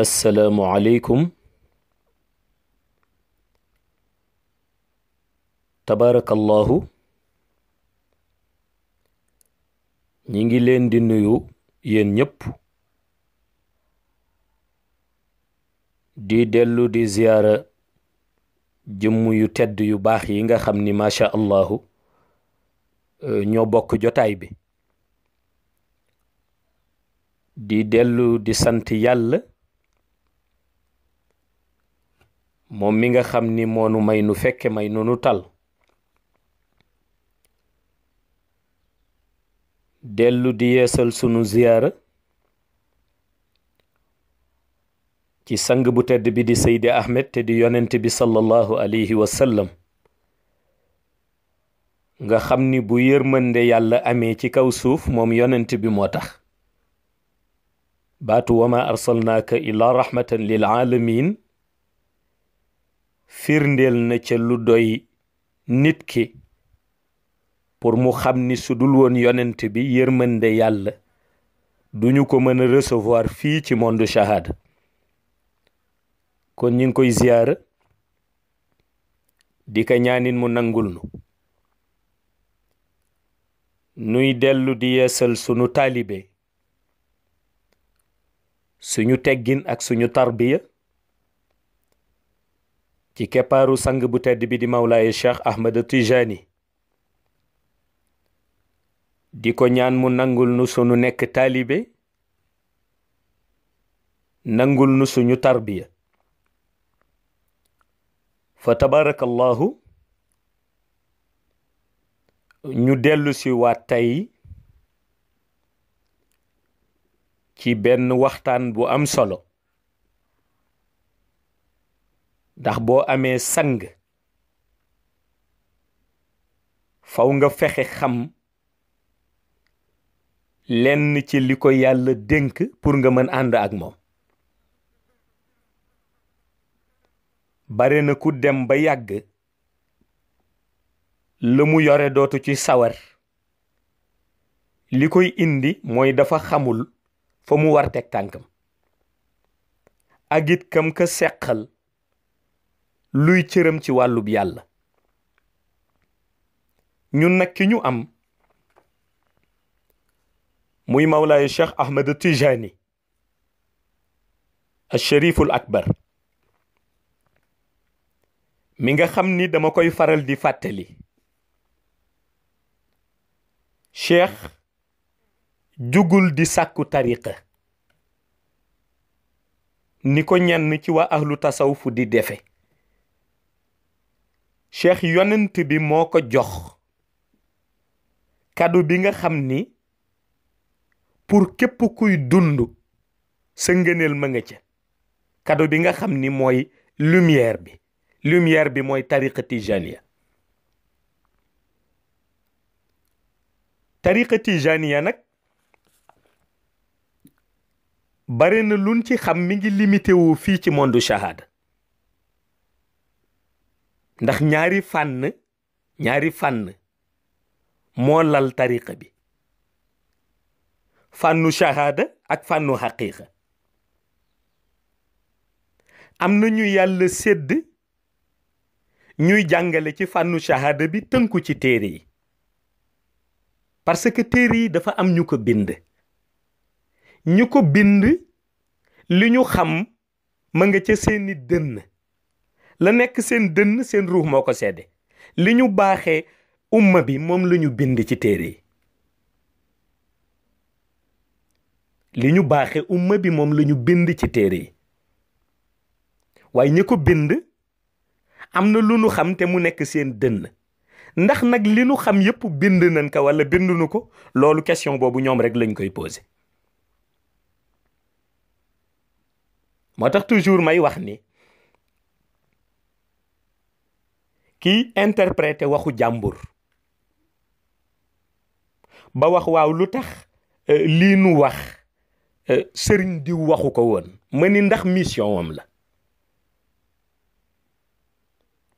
assalaamu aleykum tabaarakallahu ñi ngi leen di nuyu yéen ñépp di dellu di ziyaara jëmm yu tedd yu baax yi nga xam ni maasha allahu euh, ñoo bokk jotaay bi di dellu di sant yàlla moom mi nga xam ni moonu may nu fekke may nunu tal dellu di yeesal sunu ziyaara ci sang bu tedd bi di Seydi Ahmed te di yonent bi sallallahu alayhi wa nga xam ni bu yërmande yàlla amee ci kaw suuf moom yonent bi moo tax baatu wama arsalnaaka illa rahmatan lil aalamin firndeel na ca lu doy nit ki pour mu xam ni su dul woon yonent bi yërmande yàlla duñu ko mën a recevoir fii ci monde shahada kon ñu koy ziyaara di ko ñaanin mu nangul nu nuy dellu di yeesal sunu taalibe suñu teggin ak suñu tarbiya ci keppaaru sang bu tedd bi di mawlaaye cheikh Ahmed Tijani di ko ñaan mu nangul nu sunu nekk taalibe nangul nu suñu tarbiya fa tabarakallahu ñu dellu si tey ci benn waxtaan bu am solo ndax boo amee sang faw nga fexe xam lenn ci li ko yàlla dénk pour nga mën ànd ak moom bare na ku dem ba yàgg la mu yore dootu ci sawar li koy indi mooy dafa xamul fa mu war teg tànkam ak it kam ka seqal luy cëram ci wàllub yàlla ñun nag ki ñu am muy mawlaay cheikh ahmed tijani asharifu akbar mi nga xam ni dama koy faral di fàttali cheikh jugul di sàkku tariqa ni ko ñenn ci waa ahlu tasawuf di defe cheikh yonent bi moo ko jox kàddu bi nga xam ni pour képp kuy dund sa ngëneel ma nga ca kàddu bi nga xam ni mooy lumière bi lumière bi mooy tariqa tijaniya tariqa tijaniya nag bare na luñ ci xam mi ngi limité fii ci monde shahada ndax ñaari fànn ñaari fànn moo lal tariqa bi fànnu shahaada ak fànnu xaqiiqa am na ñu yàlla sedd ñuy jàngale ci fànnu shahaada bi tënku ci téere yi parce que téere yi dafa am ñu ko bind ñu ko bind li ñu xam ma nga ca seeni dënn la nekk seen dënn seen ruux moo ko sedde li ñu baaxee umma bi moom la bind ci téere yi li ñu baaxee umma bi moom la bind ci téere yi waaye ñi ko bind am na lu nu xam te mu nekk seen dënn ndax nag li nu xam yépp bind nañ ko wala binduñu ko loolu question boobu ñoom rek lañ koy posé moo tax toujours may wax ni kiy interpréter waxu jàmbur ba wax waaw lu tax euh, lii nu wax euh, sëriñ diw waxu ko woon ma ni ndax mission wam la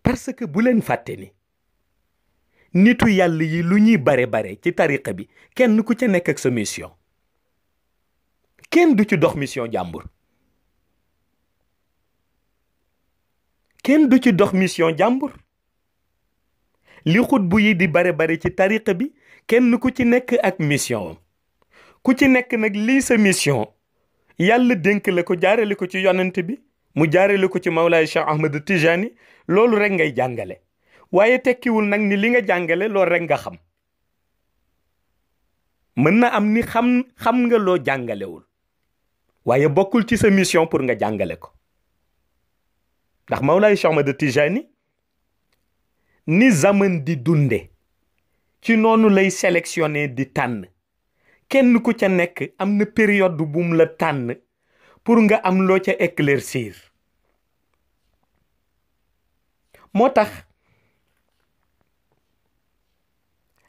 parce que bu leen fàtte ni nitu yàlla yi lu ñuy bare bare ci tariqa bi kenn ku ca nekk ak sa mission kenn du ci dox mission jàmbur kenn du ci dox mission jàmbur li bu yi di bare bare ci tariqa bi kenn ku ci nekk ak mission am ku ci nekk nag lii sa mission yàlla dénk la ko jaarale ko ci yonent bi mu jaarale ko ci Mawlaay Cheikh Ahmed Tijani loolu rek ngay jàngale waaye tekkiwul nag ni li nga jàngale loolu rek nga xam mën na am ni xam xam nga loo jàngalewul waaye bokkul ci sa mission pour nga jàngale ko ndax Mawlaay Cheikh Ahmed Tijani ni zaman di dunde ci noonu lay sélectionné di tànn kenn ku ca nekk am na période bu mu la tànn pour nga am loo ca éclaircir moo tax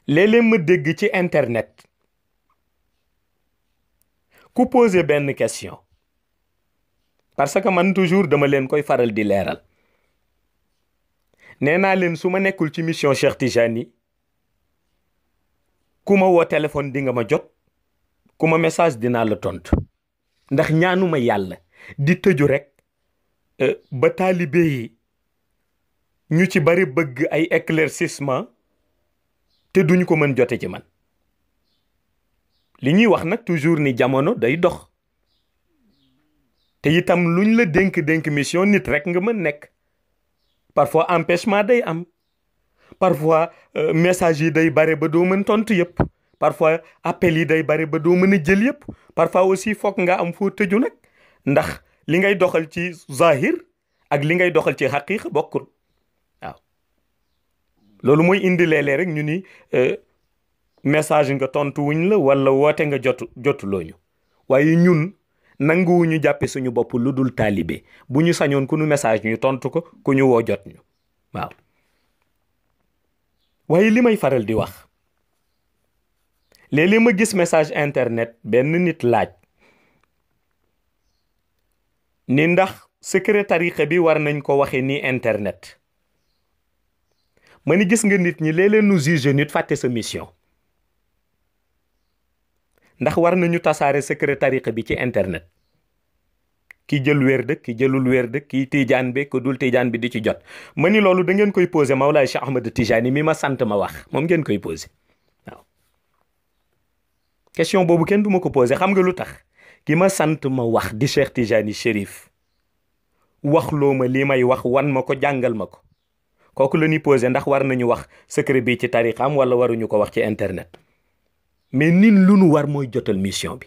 léeg-léeg ma dégg ci internet ku poser benn question parce que man toujours dama leen koy faral di leeral nee naa leen su ma nekkul ci mission Cheikh Tijani yi ku ma woo téléphone di nga ma jot ku ma message dinaa la tontu ndax ñaanuma yàlla di tëju rek euh, ba taalibe yi ñu ci bari bëgg ay éclaircissement te duñu ko mën jote ci man li ñuy wax nag toujours ni jamono day dox te itam luñ la dénk-dénk mission nit rek nga mën nekk parfois empêchement day am parfois euh, message yi day bare ba doo mën tontu yëpp parfois appel yi day bare ba doo mën a jël yëpp parfois aussi foog nga am foo tëju nag ndax li ngay doxal ci zahir ak li ngay doxal ci xaqiiq bokkul waaw loolu mooy indi léeg rek ñu ni euh, message nga tontu wuñ la walla woote nga jotu jotu ñu waaye ñun nanguwuñu jàppe suñu bopp lu dul taalibe bu ñu sañoon ku ñu message ñu tontu ko ku ñu woo jot ñu waaw waaye li may faral di wax léeg li ma gis message internet benn nit laaj ni ndax secret tarixa bi war nañ ko waxe ni internet ma ni gis nga nit ñi léeg-léeg nu juge nit fàtte sa mission ndax war nañu tasaare secret tariqa bi ci internet ki jël weer dëkk ki jëlul wérd ki tijaan bi ku dul tijaan bi di ci jot ma ni loolu da ngeen koy posé Mawlaay Cheikh Ahmed Tijani mi ma sant ma wax moom ngeen koy posé waaw question boobu kenn du ma ko posé xam nga lu tax ki ma sant ma wax di Cheikh Tijani Chérif wax loo ma lii may wax wan ma ko jàngal ma ko kooku la ñuy posé ndax war nañu wax secret bi ci tariqaam wala waruñu ko wax ci internet mais nin lu nu war mooy jotal mission bi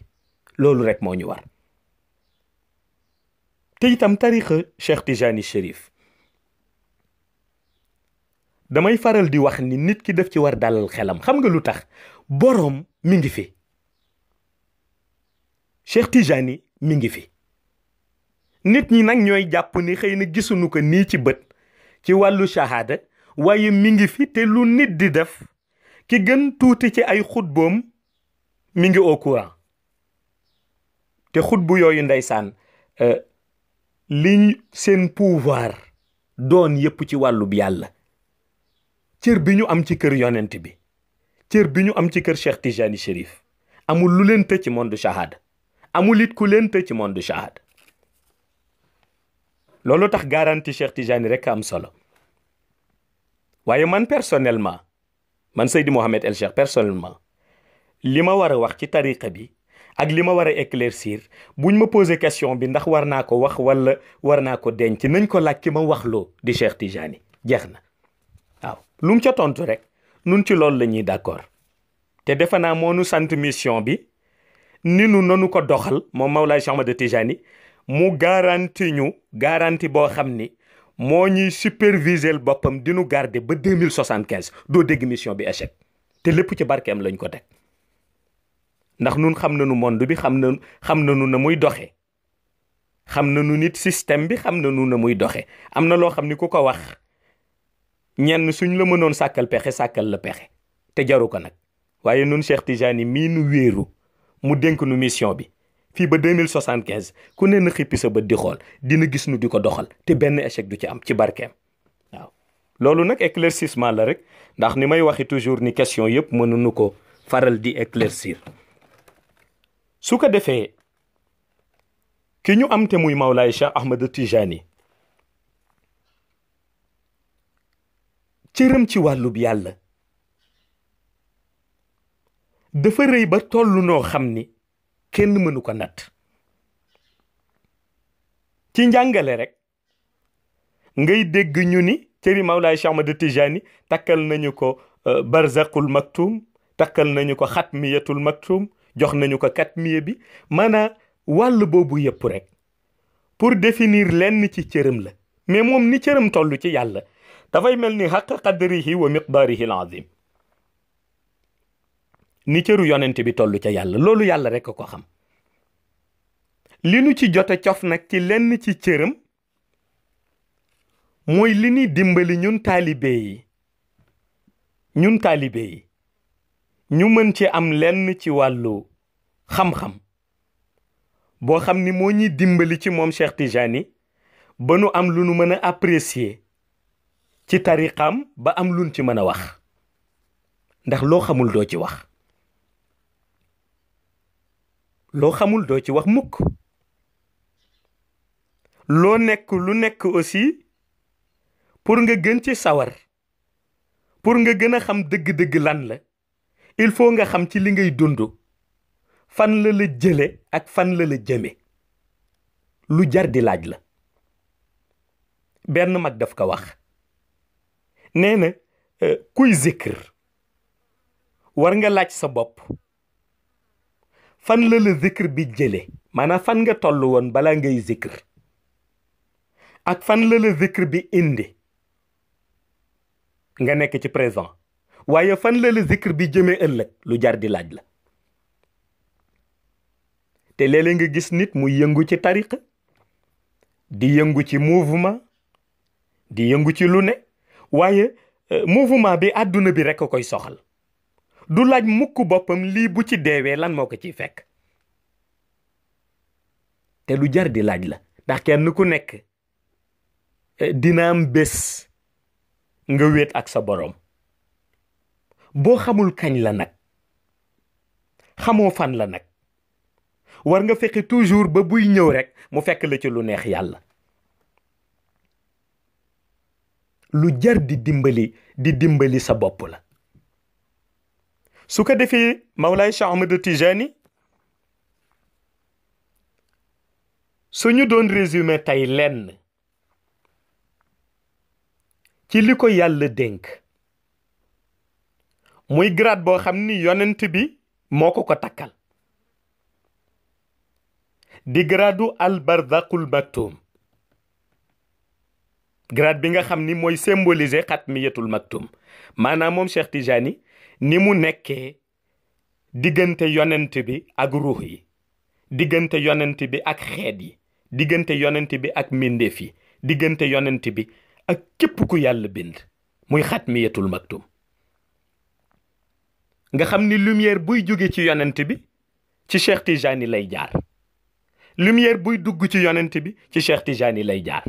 loolu rek moo ñu war te itam tarixa Cheikh Tijani Chérif damay faral di wax ni nit ki def ci war dalal xelam xam nga lu tax boroom mi ngi fi Cheikh Tijani mi ngi fi nit ñi nag ñooy jàpp ni xëy na gisuñu ko nii ci bët ci wàllu shahada waaye mi ngi fi te lu nit di def ki gën tuuti ci ay xutboom mi ngi au courant te xutbu yooyu ndeysaan euh, liñ seen pouvoir doon yépp ci wàllub yàlla cër bi ñu am ci kër yonent bi cër bi ñu am ci kër Cheikh Tijani Chérif amul lu leen tëj ci shahada amul it ku leen tëj ci monde shahada loolu tax garanti Cheikh Tijani rekk am solo waaye man personnellement man Seydi Mouhamed El Cheikh personnellement li ma war a wax ci tariqa bi ak li ma war a éclaircir buñ ma posé question bi ndax war naa ko wax walla war naa ko denc nañ ko laaj ki ma wax loo di Cheikh Tijani jeex na waaw lu mu ca tontu rek nun ci loolu la ñuy d'accord te defe naa moo nu sant mission bi ni nu nanu ko doxal moom Mawlaay Cheikh Ahmad Tijani mu garanti ñu garanti boo xam ni moo ñuy superviser boppam dinu garde ba deux mille soixante quinze doo dégg mission bi échec te lépp ci barkeem lañ ko teg ndax nun xam nañu monde bi xam na xam nañu na muy doxee xam na nu nit système bi xam na nañu na muy doxee am na loo xam ni ku ko wax ñenn suñ la mënoon sàkkal pexe sàkkal la pexe te jaru ko nag waaye nun Cheikh Tijani mii nu wéeru mu dénk nu mission bi fii ba deux mille soixante quinze ku ne na xippi sa bët di xool dina gis nu di ko doxal te benn échec du ci am ci barkeem waaw. loolu nag éclaircissement la rek ndax ni may waxi toujours ni question yëpp mënuñu ko faral di éclaircir su ko defee ki ñu am te muy Mawlaay Cheikh Ahmed Tijani cëram ci wàllub yàlla dafa rëy ba toll noo xam ni. kenn mënu ko natt ci njàngale rek ngay dégg ñu ni cëri Mawlaay Cheikh Ahmad Tijani takkal nañu ko euh, barzaqul maktum takkal nañu ko xatmiyatul maktum jox nañu ko katmiya bi maanaa wàll boobu yëpp rek pour definir lenn ci cëram la mais moom ni cëram toll ci yàlla dafay mel ni xaq qadrihi wa miqdaarihi al ni cëru yonent bi toll ca yàlla loolu yàlla rekk ko xam li nu ci jote cof nag ci lenn ci cëram mooy li nuy dimbali ñun taalibe yi ñun taalibe yi ñu mën ci am lenn ci wàllu xam-xam boo xam ni moo ñuy dimbali ci moom Cheikh Tijani ba nu am lu nu mën a apprécier ci tariqam ba am luñ ci mën a wax ndax loo xamul doo ci wax loo xamul doo ci wax mukk loo nekk lu nekk aussi pour nga gën ci sawar pour nga gën a xam dëgg-dëgg lan la il faut nga xam ci li ngay dund fan la la jële ak fan la la jëme lu jar di laaj la benn mag daf ko wax nee na euh, kuy zikr war nga laaj sa bopp fan la la zikr bi jëlee maanaam fan nga toll woon balaa ngay zikr ak fan la la zikr bi indi nga nekk ci présent waaye fan la la zikr bi jëmee ëllëg lu jar di laaj la te léeg nga gis nit mu yëngu ci tariqa di yëngu ci mouvement di yëngu ci lu ne waaye euh, mouvement bi àdduna bi rekk koy soxal du laaj mukk boppam lii bu ci deewee lan moo ko ciy fekk te lu jar di laaj la ndax kenn ku nekk eh, dina am bés nga wéet ak sa boroom boo xamul kañ la nag xamoo fan la nag war nga fexe toujours ba buy ñëw rekk mu fekk la ci lu neex yàlla lu jar di dimbali di dimbali sa bopp la su ko defee Mawlaay Cheikh Ahmed Tijani su ñu doon résumé tey lenn ci li ko yàlla dénk mooy grade boo xam ni yonent bi moo ko ko takkal di gradu albardaqul maktum grade bi nga xam ni mooy symboliser xatmiyatul maktum maanaam moom Cheikh Tijani ni mu nekkee diggante yonent bi ak ruux yi diggante yonent bi ak xeet yi diggante yonent bi ak mbindeef yi diggante yonent bi ak képp ku yàlla bind muy xatmiyatul maktum nga xam ni lumière buy jóge ci yonent bi ci Cheikh Tijani lay jaar lumière buy dugg ci yonent bi ci Cheikh lay jaar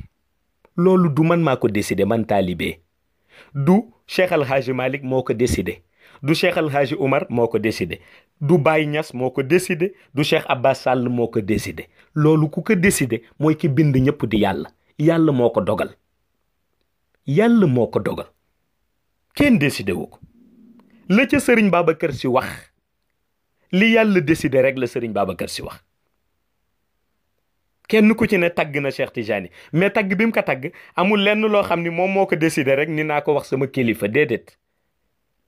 loolu du man maa ko décidé man taalibe du Cheikh Alhaji Malick moo ko décidé du Cheikh El Hadji moo ko décidé du Baye Niass moo ko décidé du Cheikh Abbas Sall moo ko décidé loolu ku ko décidé mooy ki bind ñëpp di yàlla yàlla moo ko dogal yàlla moo ko dogal kenn décidé wu ko la ca Serigne kër si wax li yàlla décidé rek la baaba kër si wax kenn ku ci ne tagg na Cheikh Tijani mais tagg bi mu ko tagg amul lenn loo xam ni moom moo ko décidé rek ni naa ko wax sama kilifa déedéet.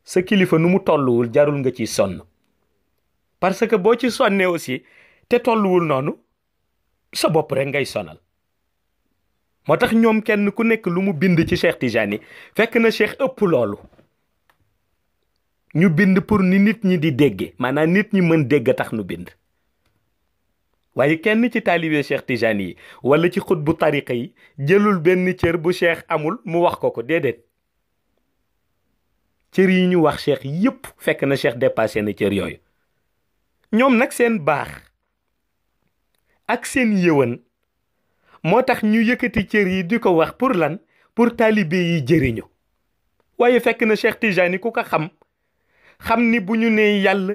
sa kilifa nu mu tolluwul jarul nga ci sonn parce que boo ci sonnee aussi te tolluwul noonu sa bopp rek ngay sonal moo tax ñoom kenn ku nekk lu mu bind ci Cheikh Tijani fekk na Cheikh ëpp loolu ñu bind pour ni nit ñi di dégge maanaam nit ñi mën dégg a tax nu bind waaye kenn ci taalibe Cheikh Tijani yi wala ci xut bu tariqa yi jëlul benn cër bu Cheikh amul mu wax ko ko déedéet cër yi ñu wax cheikh yépp fekk na cheikh dépassé na cër yooyu ñoom nag seen baax ak seen yëwan moo tax ñu yëkkati cër yi di ko wax pour lan pour taalibe yi jëriñu waaye fekk na cheikh Tijani ku ko xam xam ni bu ñu nee yàlla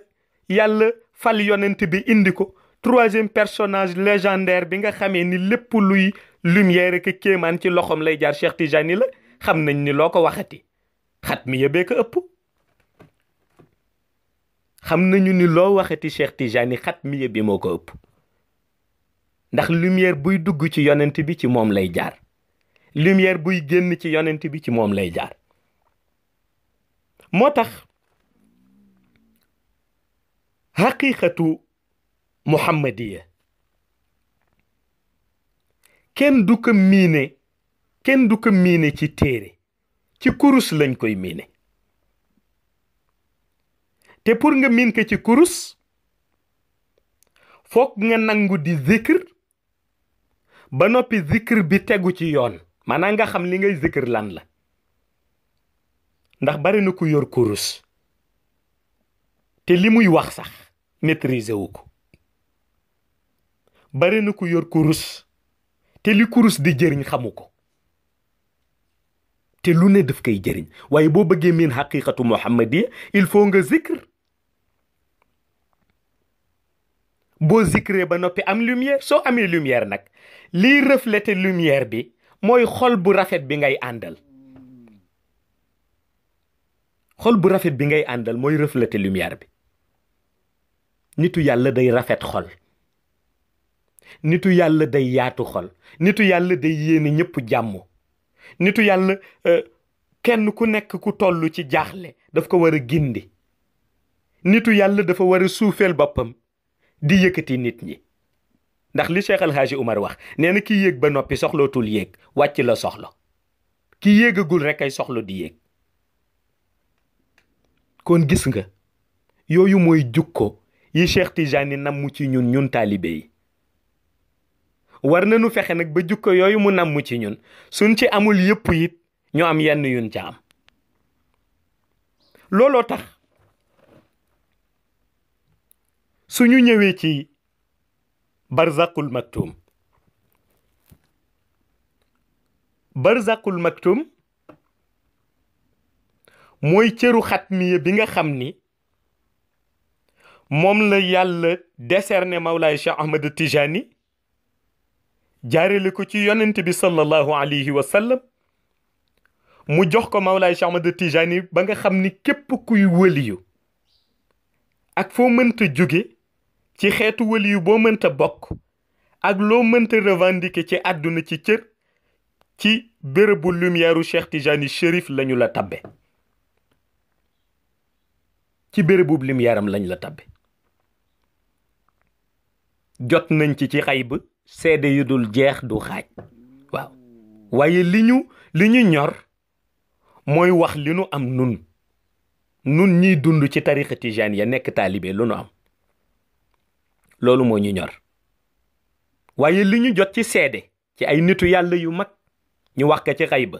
yàlla fal yonent bi indi ko troisième personnage légendaire bi nga xamee ni lépp luy lumière ak kéemaan ci loxoom lay jaar cheikh Tijani la xam nañ ni loo ko waxati xat mi yëbee ko ëpp xam nañu ni loo waxati Cheikh Tijani xat mi yëbi moo ko ëpp ndax lumière buy dugg ci yonent bi ci moom lay jaar lumière buy génn ci yonent bi ci moom lay jaar moo tax xaqiqatu muhammadiya kenn du ko miine kenn du ko miine ci téere ci kurus lañ koy miine te pour nga miin ko ci kurus foog nga nangu di zikr ba noppi zikr bi tegu ci yoon maanaam nga xam li ngay zikr lan la ndax bari na ku yor kurus te li muy wax sax maîtriser wu ko bari na ku yor kurus te li kurus di jëriñ xamu ko te lu ne daf koy jëriñ waaye boo bëggee miin xaqiqatu muhammadi il faut nga zikr boo zikree ba noppi am lumière soo amee lumière nag liy refléter lumière bi mooy xol bu rafet bi ngay àndal xol bu rafet bi ngay àndal mooy refléter lumière bi nitu yàlla day rafet xol nitu yàlla day yaatu xol nitu yàlla day yéene ñëpp jàmm nitu yàlla euh, kenn ku nekk ku toll ci jaaxle daf ko war a gindi nitu yàlla dafa war a suufeel boppam di yëkkati nit ñi ndax li Cheikh Alhaaji Umar wax nee na ki yéeg ba noppi soxlootul yéeg wàcc la soxla ki yéegagul rek ay soxla di yéeg kon gis nga yooyu mooy jukko yi Cheikh Tijani nam mu ci ñun ñun taalibe yi war na nañu fexe nag ba jukko yooyu mu namm ci ñun suñ ci amul yëpp yit ñu am yenn yuñ ca am looloo tax suñu ñëwee ci barzakul maktum barzakul mooy cëru xat xatmiya bi nga xam ni moom la yàlla décerné Mawlaay Cheikh Ahmed Tijani jaarale ko ci yonent bi sallallahu alayhi wa sallam mu jox ko Mawlaay Cheikh Ahmad Tijani ba nga xam ni képp kuy wëliyu ak foo mënta jóge ci xeetu wëliyu boo mënta bokk ak loo mënta revendiquer ci àdduna ci cër ci bërëbu lumière u Cheikh Tijani lañu la tabbe ci bérébu lumière am lañ la tabbe jot nañ ci ci xayb seede yu dul jeex du xaaj waaw waaye li ñu li ñu ñor mooy wax li nu am nun nun ñiy dund ci tariqa tijaan ya nekk taalibe lu nu am loolu moo ñu ñor waaye li ñu jot ci seede ci ay nitu yàlla yu mag ñu wax ko ci xay xayba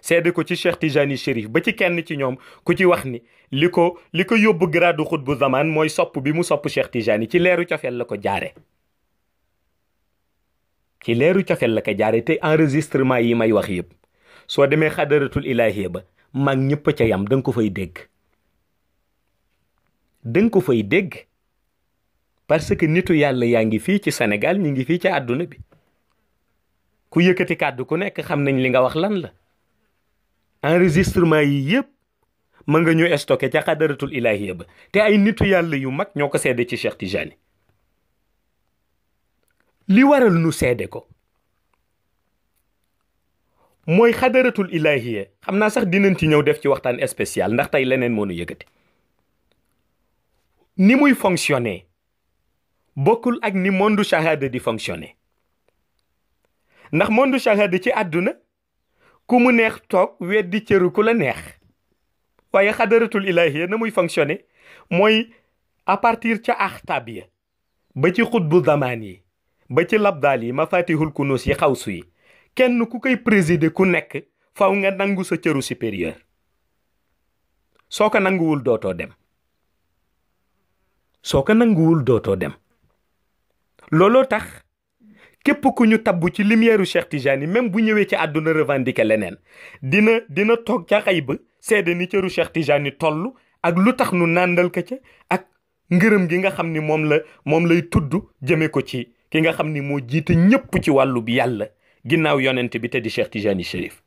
seede ko ci Cheikh Tijani Chérif ba ci kenn ci ñoom ku ci wax ni li ko li ko yóbbu gradu xutbu zaman mooy sopp bi mu sopp Cheikh Tijani ci leeru cofeel la ko jaare ci leeru cofeel la ko jaare te enregistrement yi may wax yëpp soo demee xadaratul ilaahiya ba mag ñëpp ca yam danga ko fay dégg danga ko fay dégg parce que nitu yàlla yaa ngi fii ci Sénégal ñi ngi fii ci àdduna bi ku yëkkati kàddu ku nekk xam nañ li nga wax lan la enregistrement yi yëpp mën nga ñu stocké ca xadaratul ilaahiya ba te ay nitu yàlla yu mag ñoo ko sedde ci Cheikh Tijani li waral nu seede ko mooy xadaratul ilahiya xam naa sax dinañ ci ñëw def ci waxtaan spécial ndax tey leneen moo nu yëkkati ni muy fonctionner bokkul ak ni mondu shahada di fonctionner ndax mondu shahada ci àdduna ku mu neex toog weddi cëru ku la neex waaye xadaratul ilahiya na muy fonctionner mooy à partir ca axtaab ya ba ci xutbu zamaan yi ba ci labdaal yi ma mafatihul kunus yi xaw su kenn ku koy présider ku nekk faw nga nangu sa cëru supérieur soo ko nanguwul dootoo dem soo ko nanguwul dootoo dem looloo tax képp ku ñu tabbu ci lumière u Cheikh Tijani même bu ñëwee ci àdduna revendiquer leneen dina dina toog ca xay ba seede ni cëru Cheikh Tijani toll ak lu tax nu nàndal ko ca ak ngërëm gi nga xam ni moom la moom lay tudd jëme ko ci ki nga xam ni moo jiita ñëpp ci wàllu bi yàlla ginnaaw yonent bi te di Cheikh Tijani Chérif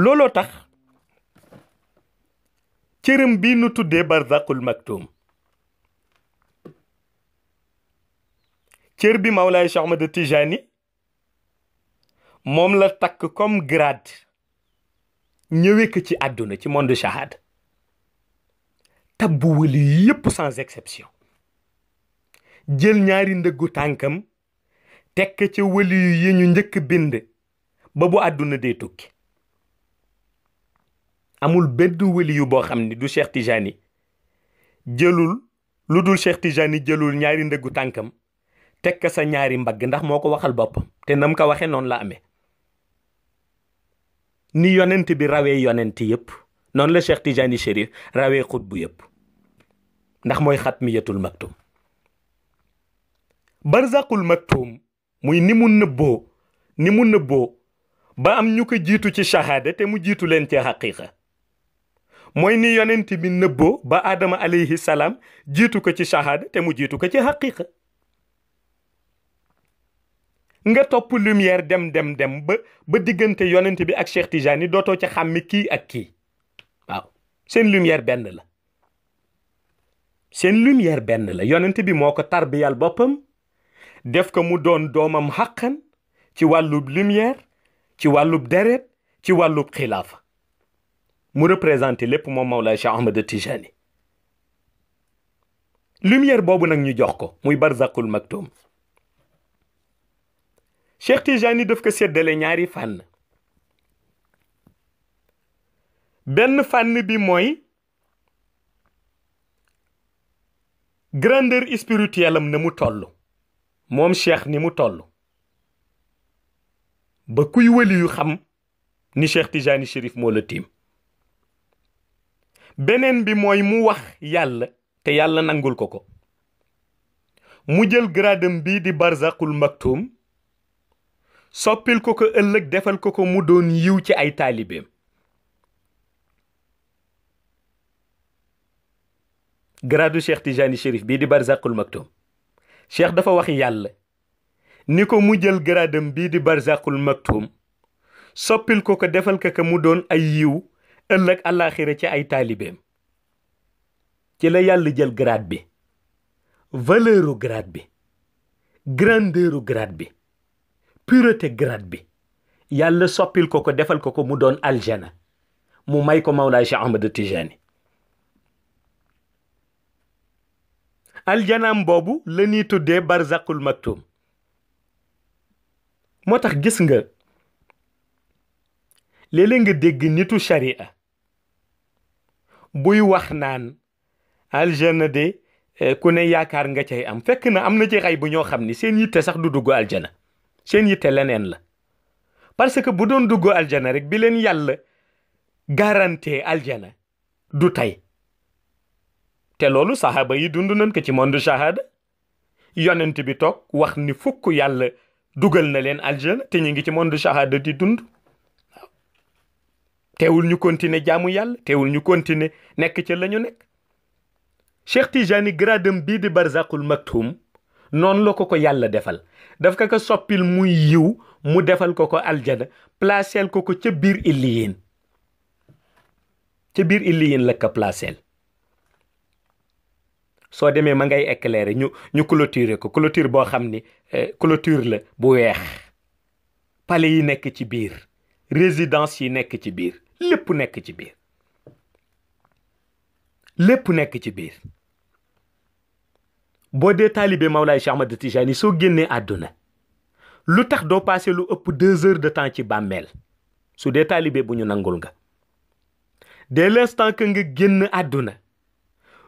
looloo tax cërëm bii nu tuddee barzaqul maktum cër bi Mawlaay Cheikh Ahmad Tijani moom la takk comme grade ñëwee ci àdduna ci monde shahada tabbu wali yëpp sans exception jël ñaari ndëggu tànkam tekk ca wëli yi ñu njëkk bind ba bu àdduna dee tukki amul benn wëli boo xam ni du Cheikh Tijani jëlul lu dul Cheikh Tijani jëlul ñaari ndëggu tànkam tekk sa ñaari mbagg ndax moo ko waxal boppam te nam ko waxee noonu la ame ni yonent bi rawee yonent yëpp noonu la Cheikh Tijani Chérif rawee xut bu yëpp ndax mooy xat mi xatmiyatul maktum barzaqul maktuum muy ni mu nëbboo ni mu nëbboo ba am ñu ko jiitu ci shahaada te mu jiitu leen ci xaqiiqa mooy ni yonent bi nëbboo ba aadama alayhi salaam jiitu ko ci shahaada te mu jiitu ko ci xaqiiqa nga topp lumière dem dem dem ba diggante yonent bi ak Cheikh Tijani dootoo ci xàmmi kii ak kii waaw seen lumière benn la seen lumière benn la yonent bi moo ko tarbiyal boppam def ko mu doon doomam xàqan ci wàllub lumière ci wàllub deret ci wàllub xilaafa mu représenté lépp moom Mawlaay Cheikh Ahmed Tijani lumière boobu nag ñu jox ko muy barzakul maktum Cheikh Tijani daf ko séddale ñaari fànn benn fànn bi mooy grandeur spirituelle am na mu toll moom cheikh ni mu toll ba kuy wëli xam ni cheikh Tijani Chérif moo la tiim beneen bi mooy mu wax yàlla te yàlla nangul ko ko mu jël gradam bii di barzakul maktum soppil ko ko ëllëg defal ko ko mu doon yiw ci ay taalibeem gradu cheikh Tijani Chérif bii di barzakul maktum cheikh dafa wax yàlla ni ko mu jël garaadam bii di barsakul maktum soppil ko ko defal ko ko mu doon ay yiw ëllëg àllaaxira ci ay taalibeem ci la yàlla jël grade bi valeuru grade bi grandeuru grade bi pureté grade bi yàlla soppil ko ko defal ko ko mu doon aljana mu may ko Mawlaay Cheikh Ahmad Tijani aljanaam boobu la ñuy tuddee barzaqul maktum moo tax gis nga léeg-léeg nga dégg nitu sharia buy wax naan aljana de eh, ku ne yaakaar nga cay am fekk na am na ci xay bu ñoo xam ni seen yitte sax du dugg aljana seen yitte leneen la parce que bu doon dugg aljana rek bi leen yàlla garantie aljana du tey te loolu saxaaba yi dund nañ ko ci monde shahada yonent bi toog wax ni fukk yàlla dugal na leen aljana te ñu ngi ci monde shahada di dund waaw teewul ñu continuer jaamu yàlla teewul ñu kontine nekk ci lañu ñu nekk Cheikh Tijani gradam bii di barzakul maktum noonu la ko ko yàlla defal daf ka ko soppil muy yiw mu defal ko ko aljana placeel ko ko ca biir illiyin ca biir illiyin la ko placeel soo demee ma ngay éclairer ñu ñu clôturer ko clôture boo xam ni eh, clôture la bu weex palais yi nekk ci biir résidence yi nekk ci biir lépp nekk ci biir lépp nekk ci biir boo dee taalibee taalibe laay Cheikh Ahmad Tijaani soo génnee àdduna lu tax doo paase lu ëpp deux heures de temps ci bàmmeel su dee taalibe bu ñu nangul nga dès l'instant que nga génn àdduna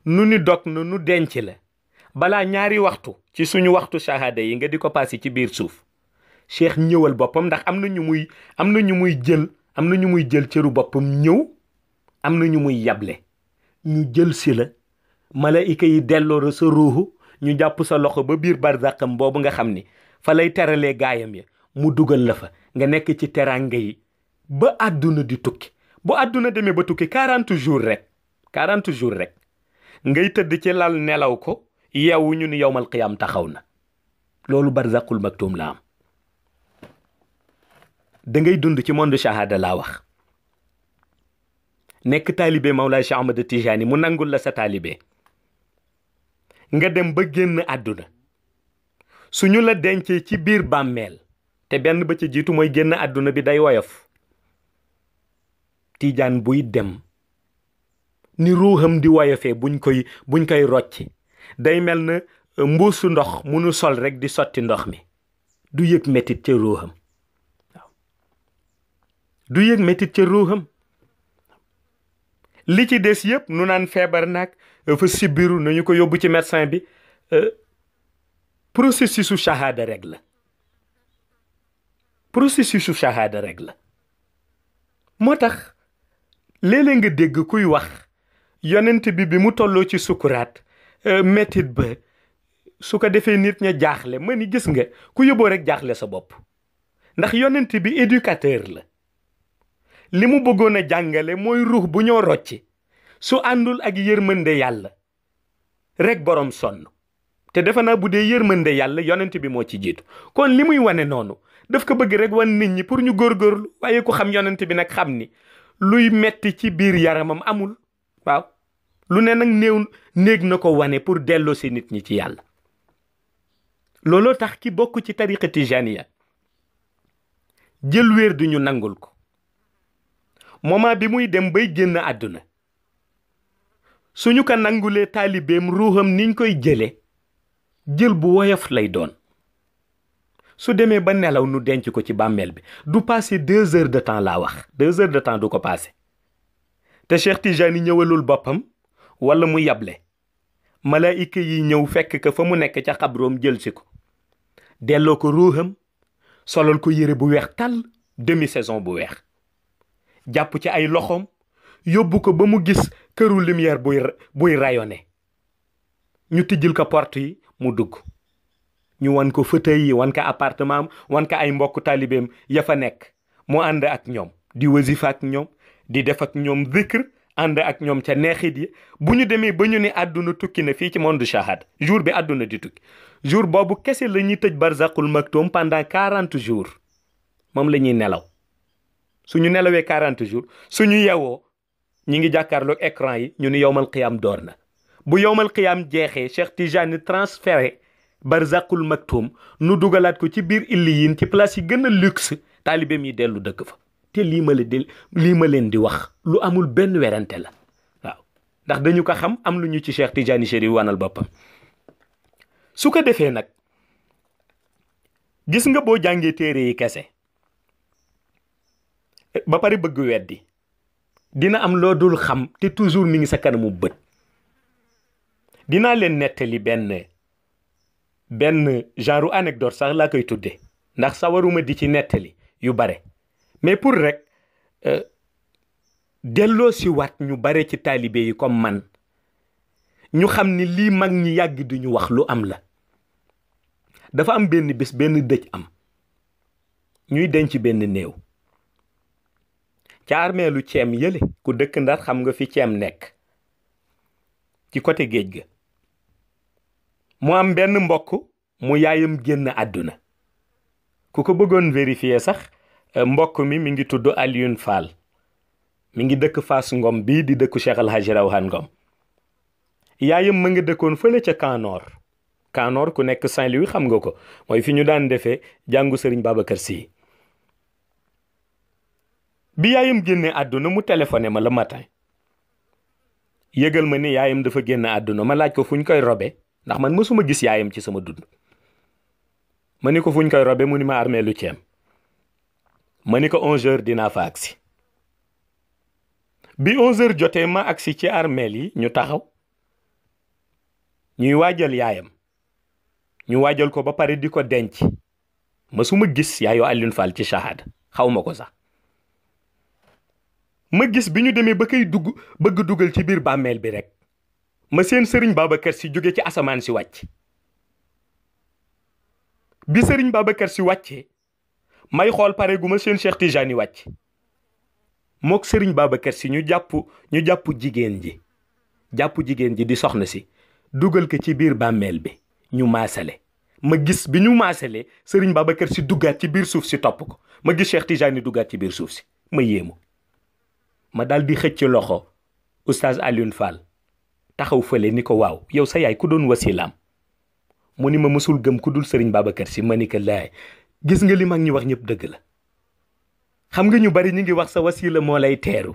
nu ni dog na nu denc la balaa ñaari waxtu ci suñu waxtu shahada yi nga di ko passé ci biir suuf cheikh ñëwal boppam ndax am na ñu muy am na ñu muy jël am na ñu muy jël cëru boppam ñëw am na ñu muy yable ñu jël si la malaayika yi delloo sa ruuxu ñu jàpp sa loxo ba biir barzakam boobu nga xam ni fa lay teralee gaayam ya mu dugal la fa nga nekk ci teraanga yi ba àdduna di tukki bu àdduna demee ba tukki quarante jours rek quarante jours rek ngay tëdd ci lal nelaw ko yeewu ñu ni yowmal qiyaam taxaw na loolu barzaqul maktum la am da ngay dund ci monde shahada laa wax nekk taalibe Mawlaay Cheikh Ahmad Tijaani mu nangul la sa taalibe nga dem ba génn àdduna su ñu la dencee ci biir bàmmeel te benn ba ci jiitu mooy génn àdduna bi day woyof tiijaan buy dem ni ruuxam di woyofee buñ koy buñ koy rocci day mel na euh, mbuusu ndox munu sol rek di sotti ndox mi du yëg métit ca ruuxam du yëg métit ca ruuxam li ci des yëpp nu naan feebar nag euh, fa sibbiru nañu ko yóbbu ci médecin bi euh, procesusu su shahada la processus su shahada rek la moo tax léeg-léeg nga dégg kuy wax yonent bi bi mu tolloo ci sukuraat euh, mettit ba su ko defee nit ña jaaxle ma ni gis nga ku yóbboo rek jaaxle sa bopp ndax yonent bi éducateur la li mu bëggoon a jàngale mooy ruux bu ñoo rocci su àndul ak yërmande yàlla rekk borom sonn te defe naa bu dee yërmande yàlla yonent bi moo ci jiitu kon li muy wane noonu daf ko bëgg rek wan nit ñi pour ñu góorgóorlu waaye ku xam yonent bi nag xam ni luy metti ci biir yaramam amul waaw lu ne nag néew néeg na ko wane pour delloo si nit ñi ci yàlla looloo tax ki bokk ci tariqa ya jël wéer duñu nangul ko moment bi muy dem bay génn àdduna suñu ko nangulee taalibeem ruuxam niñ koy jële jël bu woyof lay doon su demee ba nelaw nu denc ko ci bàmmeel bi du passé deux heures de temps laa wax deux heures de temps du ko passé te Cheikh Tijani ñëwalul boppam wala mu yable malaayika yi ñëw fekk ko fa mu nekk ca xabroom jël si ko delloo ko ruuxam solal ko yére bu weex tàll demi saison bu weex jàpp ci ay loxoom yóbbu ko ba mu gis këru lumière buy buy rayonné ñu tijjil ko porte yi mu dugg ñu wan ko fauteuil yi wan ko appartement am wan ko ay mbokk taalibeem ya fa nekk mu ànd ak ñoom di wasifa ak ñoom di def ak ñoom ànd ak ñoom ca neexit yi bu ñu demee ba ñu ni àdduna tukki na fii ci monde shahad jour bi àdduna di tukki jour boobu kese la ñuy tëj barzakul maktoum pendant quarante jours moom la ñuy nelaw suñu nelawee quarante jours suñu yewoo ñi ngi jàkkaarloog écran yi ñu ni yowmal qiyaam door na bu yowmal qiyaam jeexee Cheikh Tijani transféré barzakul maktoum nu dugalaat ko ci biir illiyin ci place yi gën a luxe taalibeem yi dellu dëkk fa te lii ma la di lii ma leen di wax lu amul benn werante la waaw ndax dañu ko xam am lu ñu ci Cheikh Tidiane Chérif wanal boppam su ko defee nag gis nga boo jàngee téere yi kese ba pare bëgg weddi dina am loo dul xam te toujours mi ngi sa kanamu bët dinaa leen nettali benn benn genre anecdote sax laa koy tuddee ndax sawaruma di ci nettali yu bare mais pour rek euh, delloo si waat ñu bare ci taalibe yi comme man ñu xam ni lii mag ñi yàgg duñu wax lu am la dafa am benn bés benn dëj am ñuy denc benn néew ca armeelu ceem yële ku dëkk ndar xam nga fi ceem nekk ci côté géej ga mu am benn mbokk mu yaayam génn àdduna ku ko bëggoon vérifier sax Euh, mbokk mi mu ngi tudd Alioune Fall mu ngi dëkk Fass Ngom bii di dëkku Cheikh El Hadji Ngom yaayam ma nga dëkkoon fële ca kaanoor kaanoor ku nekk Saint-Louis xam nga ko mooy fi ñu daan defee jàngu Serigne Babacar Sy bi yaayam génne àdduna mu téléphoné ma le matin yëgal ma ni yaayam dafa génn àdduna ma laaj ko fu ñu koy robe ndax man mësuma gis yaayam ci sama dund ma ni ko fu ñu koy robe mu ni ma armée lu ceem ma ni ko 11h dinaa fa agsi bi 11 jotee ma agsi ci armeel yi ñu taxaw ñuy waajal yaayam ñu waajal ko ba pare di ko denc ma masuma gis yaayu Alioune Fall ci shahada xaw ma ko sax ma gis bi ñu demee ba koy dugg bëgg dugal ci biir bàmmeel bi rek ma séen sëriñ Babacar si jóge ci asamaan si wàcc bi sëriñ Babacar si wàccee may xool pare gu ma seen Cheikh Tijani wàcc mook sëriñ Babacar si ñu jàpp ñu jàpp jigéen ji jàpp jigéen ji di soxna si dugal ko ci biir bàmmeel bi ñu maasale ma gis bi ñu maasalee Serigne Babacar si duggaat ci biir suuf si topp ko ma gis Cheikh Tijani duggaat ci biir suuf si ma yéemu ma dal di xëcc loxo oustaz Alioune Fall taxaw fële ni ko waaw yow sa yaay ku doon wasilaam mu ni ma mësul gëm ku dul sëriñ Babacar si ma ni ko gis nga li mag ñi wax ñëpp dëgg la xam nga ñu bari ñu ngi wax sa wasila moo lay teeru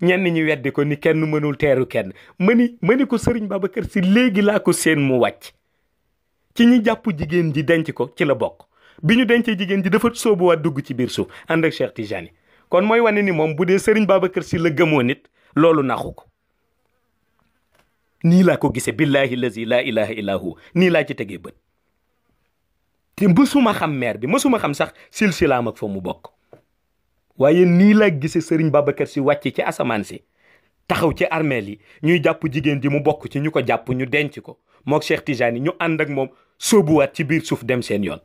ñenn ñi weddi ko ni kenn mënul teeru kenn mëni mëni ko sëriñ Babacar si léegi laa ko séen mu wàcc ci ñi jàpp jigéen ji denc ko ci la bokk bi ñu dencee jigéen ji dafa soobuwaat dugg ci biir suuf ànd ak Cheikh Tijani kon mooy wane ni moom bu dee sëriñ Babacar si la gëmoo nit loolu naxu ko nii laa ko gisee billahi lazi laa ilaha illa nii laa ci tegee bët te mësuma xam maire bi mësuma xam sax silsilaam ak fa mu bokk waaye nii laa gisee sëriñ Babacar si wàcc ci asamaan si taxaw ci armeel yi ñuy jàpp jigéen ji mu bokk ci ñu ko jàpp ñu denc ko mook Cheikh yi ñu ànd ak moom sóobuwaat ci biir suuf dem seen yoon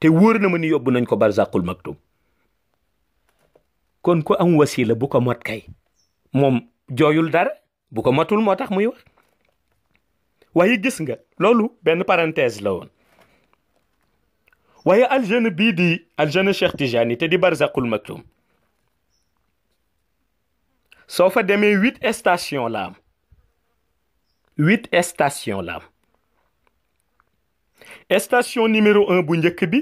te wóor na ma ni yóbbu nañ ko mag maktum kon ku am wasila bu ko mot kay moom jooyul dara bu ko motul moo tax muy wax waaye gis nga loolu benn parenthèse la woon waaye aljana bii di aljana Cheikh Tijani te di barzakul maktum soo fa demee huit station la huit station la am station numéro un bu njëkk bi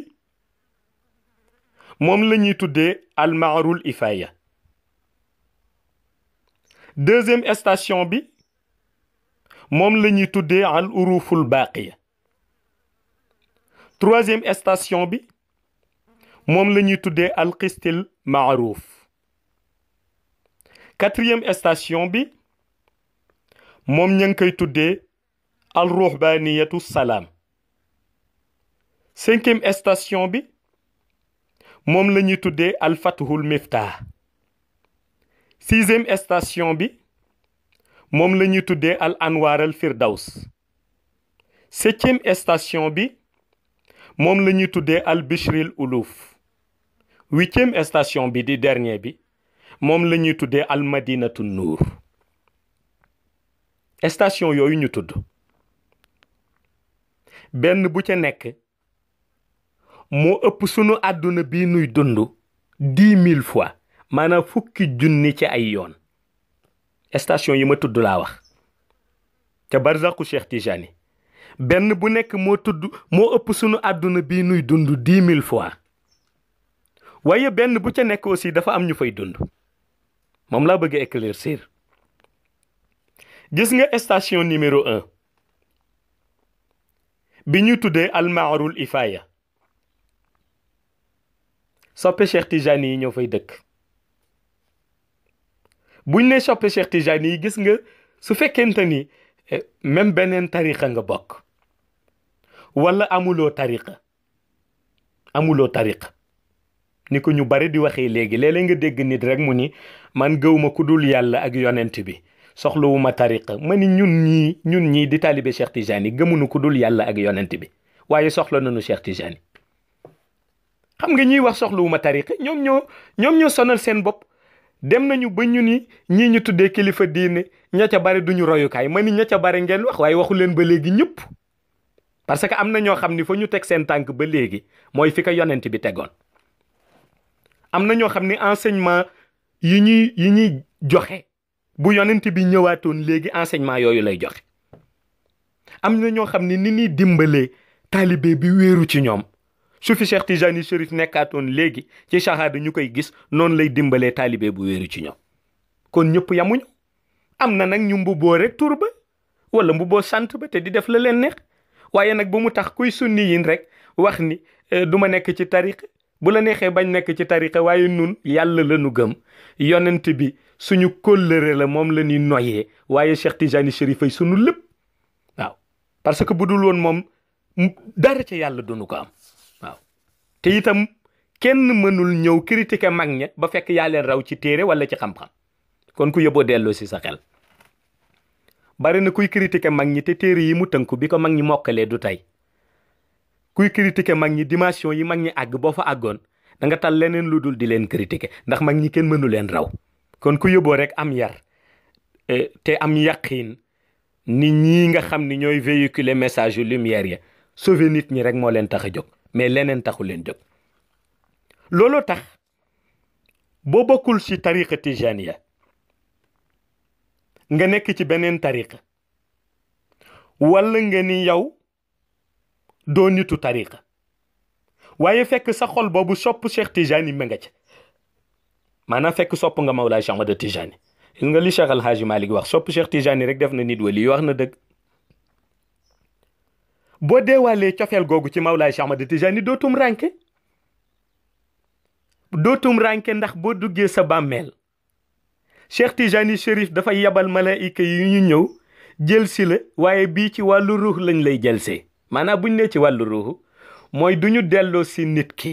moom la ñuy tuddee almaarul ifaya deuxième station bi moom la ñuy tuddee al uruful baaqiya troisième station bi moom la ñuy tuddee alxistil maaruuf quatrième station bi moom ña ngi koy tuddee alruhbaniyatu salaam cinquième station bi moom la ñuy tuddee alfathul miftah sixième station bi moom la ñuy tuddee al anwaar al firdaws septième station bi moom la ñuy tuddee al bishril uluf huitième station bi di dernier bi moom la ñuy tuddee al madinatu nuur station yooyu ñu tudd benn bu ca nekk moo ëpp sunu àdduna bi nuy dund dix mille fois maanaam fukki junni ci ay yoon station yi ma tudd laa wax ca barzaqu Cheikh Tijani benn bu nekk moo tudd moo ëpp sunu àdduna bi nuy dund dix mille fois waaye benn bu ca nekk aussi dafa am ñu fay dund moom laa bëgg éclaircir gis nga station numéro bi ñu tuddee almaarul ifaaya soppe Cheikh Tijani yi ñoo fay dëkk buñ ne soppe Cheikh Tijani yi gis nga su fekkente ni eh, même beneen tarixa nga bokk wala amuloo tariqa amuloo tariqa ni ko ñu bari di waxee léegi léeg nga dégg nit rek mu ni man gëwuma ku dul yàlla ak yonent bi soxlawuma tariqa ma ni ñun ñii ñun ñii di taalibe Cheikh Tijani gëmunu ku dul yàlla ak yonent bi waaye soxla nañu Cheikh Tijani xam nga ñiy wax soxlawuma tariqa ñoom ñoo ñoom ñoo sonal seen bopp dem nañu ba ñu ni ñii ñu tuddee kilifa diine ña ca bare duñu royukaay ma ni ña ca bare ngeen wax waaye waxu leen ba léegi ñëpp parce que am na ñoo xam ni fa ñu teg seen tànk ba léegi mooy fi ko yonent bi tegoon am na ñoo xam ni enseignement yi ñuy yi ñuy joxe bu yonent bi ñëwaatoon léegi enseignement yooyu lay joxe am na ñoo xam ni ni ñuy dimbalee taalibe bi wéeru ci ñoom su fi Cheikh Tijani Chérif nekkaatoon léegi ci shahada ñu koy gis noonu lay dimbalee taalibe bu wéeru ci ñoom kon ñëpp yamuñu am na nag ñu mbubboo rek tur ba wala mbubboo sant ba te di def la leen neex waaye nag bu mu tax kuy sunni yin rek wax ni eh, du ma nekk ci tariqa bu la neexee bañ nekk ci tariqa waaye nun yàlla la nu gëm yonent bi suñu kóllëre la moom la ñuy noyee waaye Cheikh Tijani Chérif ay sunu lépp waaw parce que bu dul woon moom dara ci yàlla dunu ko am waaw te itam kenn mënul ñëw critiquer mag ña ba fekk yaa leen raw ci téere wala ci xam-xam kon ku yóbboo delloo si sa xel bari na kuy critiquer mag ñi te téere yi mu tënku bi ko mag ñi mokkalee du tey kuy critiquer mag ñi dimension yi mag ñi àgg boo fa àggoon da tal leneen lu dul di leen critiquer ndax mag ñi kenn mënu leen raw kon ku yóbboo rek am yar e, te am yàqiin nit ñi nga xam ni ñooy véhiculer message yu lumière ya sauver nit ñi rek moo leen tax a jóg mais leneen taxu leen jóg looloo tax boo bokkul ci tariqa ya nga nekk ci beneen tariqa walla nga ni yow doo nitu tarika waaye fekk sa xol boobu sopp Cheikh Tijani ma nga ca maanaam fekk sopp nga Mawlaay Cheikh Ahmad Tijani gis nga li Cheikh Alhaaji Malick wax sopp Cheikh Tijani rek def na nit wali wax na dëgg boo deewaalee cofeel googu ci Mawlaay Cheikh Ahmad Tijani dootum rànke dootum rànke ndax boo duggee sa bàmmeel Cheikh Tijani Chérif dafa yabal malaayika yi ñu ñëw jël si la waaye bii ci wàllu ruux lañ lay jël see maanaam buñ ne ci wàllu ruux mooy du ñu delloo si nit ki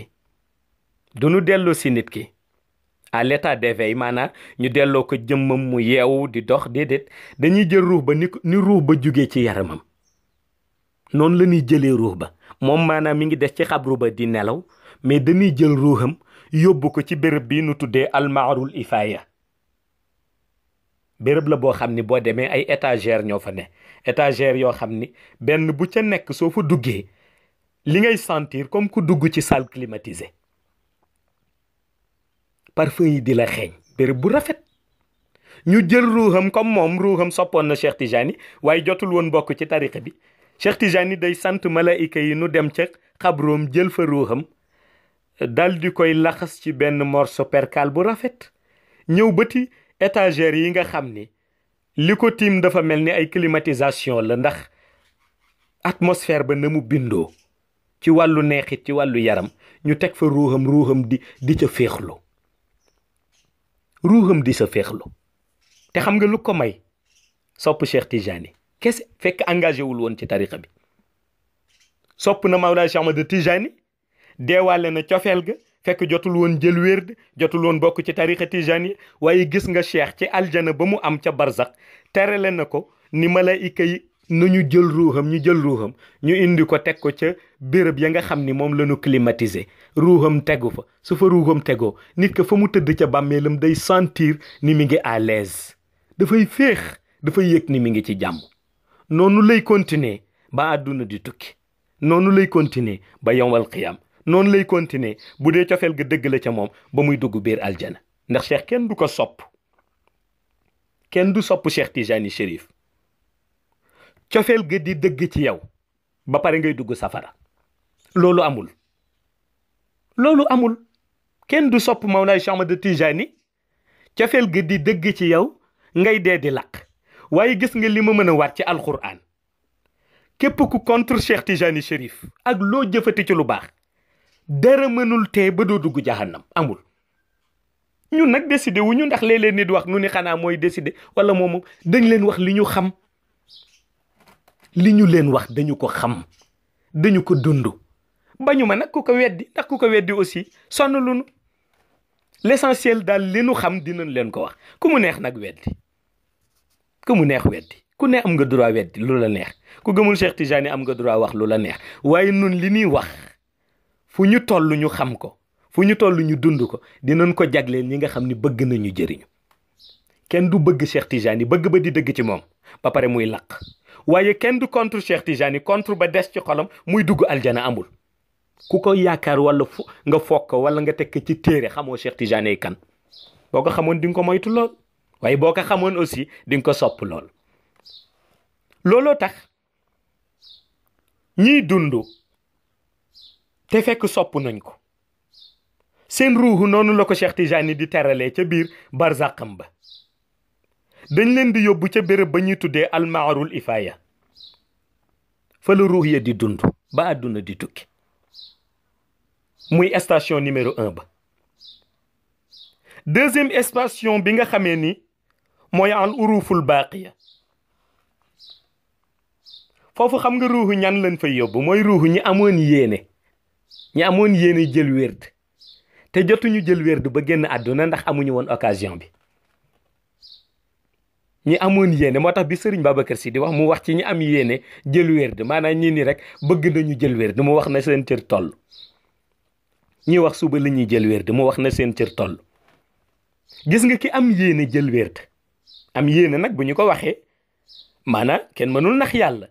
du ñu delloo si nit ki à l'état d'éveil maanaam ñu delloo ko jëmmam mu yeewu di dox déedéet dañuy jël ruux ba ni ni ba jóge ci yaramam noonu la ñuy jëlee ruux ba moom maanaam mi ngi des ci xabru ba di nelaw mais dañuy jël ruuxam yóbbu ko ci bërëb bi nu tuddee almaarul ifaaya béréb la boo xam ni boo demee ay étagère ñoo fa ne étagère yoo xam ni benn bu ca nekk soo fa duggee li ngay sentir comme ku dugg ci salle climatisée parfum yi di la xeeñ béréb bu rafet ñu jël ruuxam comme moom ruuxam soppoon na Cheikh Tijani waaye jotul woon bokk ci tariqa bi Cheikh Tijani day sant malaayika yi nu dem ca xabroom jël fa ruuxam dal di koy laxas ci benn morceau percal bu rafet ñëw bëti étagères yi nga xam ni li ko tiim dafa mel ni ay climatisation la ndax atmosphère ba na mu bindoo ci wàllu neexit ci wàllu yaram ñu teg fa ruuxam ruuxam di di ca féexlu ruuxam di sa féexlu te xam nga lu ko may sopp Cheikh Tijani kese fekk engagé wul woon ci tariqa bi sopp na Mawlaana Cheikh Ahmad Tijani deewaale na cofeel ga fekk jotul woon jël wérd jotul woon bokk ci tarixa tijani waaye gis nga cheikh ci aljana ba mu am ca barzax terale na ko ni malaayika yi nu ñu jël ruuxam ñu jël ruuxam ñu indi ko teg ko ca béréb ya nga xam ni moom la ñu climatisé ruuxam tegu fa su fa ruuxam tegoo nit ka fa mu tëdd ca bàmmeelam day sentir ni mi ngi à l'aise dafay féex dafay yëg ni mi ngi ci jàmm noonu lay continuer ba àdduna di tukki noonu lay continuer ba yowal qiyam noonu lay continuer bu dee cofeel ga dëgg la ca moom ba muy dugg biir aljana ndax cheikh kenn du ko sopp kenn du sopp cheikh Tijani Chérif cofeel ga di dëgg ci yow ba pare ngay dugg safara loolu amul loolu amul kenn du sopp Mawlaay Cheikh Ahmad Tijani cofeel ga di dëgg ci yow ngay dee di laq waaye gis nga li ma mën a waat ci alxuraan képp ku contre Cheikh Tijani Chérif ak loo jëfati ci lu baax dara mënul tee ba doo dugg jahannam amul ñun nag décider wu ñu ndax léeg-léeg nit wax nu ni xanaa mooy décider wala moom dañ leen wax li ñu xam li ñu leen wax dañu ko xam dañu ko dund bañu ma nag ku ko weddi ndax ku ko weddi aussi sonn lu luñu l'essentiel daal li nu xam dinañ leen ko wax ku mu neex nag weddi ku mu neex weddi ku ne am nga droit weddi lu la neex ku gëmul Cheikh Tidiane am nga droit wax lu la neex waaye nun li ñuy wax fu ñu toll ñu xam ko fu ñu toll ñu dund ko dinañ ko jagleel ñi nga xam ni bëgg nañu jëriñu kenn du bëgg Cheikh Tijani bëgg ba di dëgg ci moom ba pare muy laq waaye kenn du contre Cheikh Tijani contre ba des ci xolam muy dugg aljana amul ku ko yaakaar wala fu nga fokk wala nga tekk ci téere xamoo Cheikh Tijani kan boo ko xamoon di nga ko moytu lool waaye boo ko xamoon aussi di nga ko sopp lool looloo tax ñiy dund te fekk sopp nañ ko seen ruuxu noonu la ko Cheikh Tijani di teralee ca biir barzaqam ba dañ leen di yóbbu ca béréb ba ñuy tuddee almaarul ifaaya fa la ruux ya di dund ba àdduna di tukki muy station numéro un ba deuxième station bi nga xamee ni mooy al uruful ya foofu xam nga ruuxu ñan lañ fay yóbbu mooy ruuxu ñi amoon yéene ñi amoon yéene jël wérd te jotuñu jël wérd ba génn àdduna ndax amuñu woon occasion bi ñi amoon yéene moo tax bi sëriñ Babacar si di wax mu wax ci ñi am yéene jël wérd maanaam ñi ni rek bëgg nañu jël wérd mu wax na seen cër toll ñi wax suba la ñuy jël wérd mu wax na seen cër toll gis nga ki am yéene jël wérd am yéene nag bu ñu ko waxee maanaam kenn mënul nax yàlla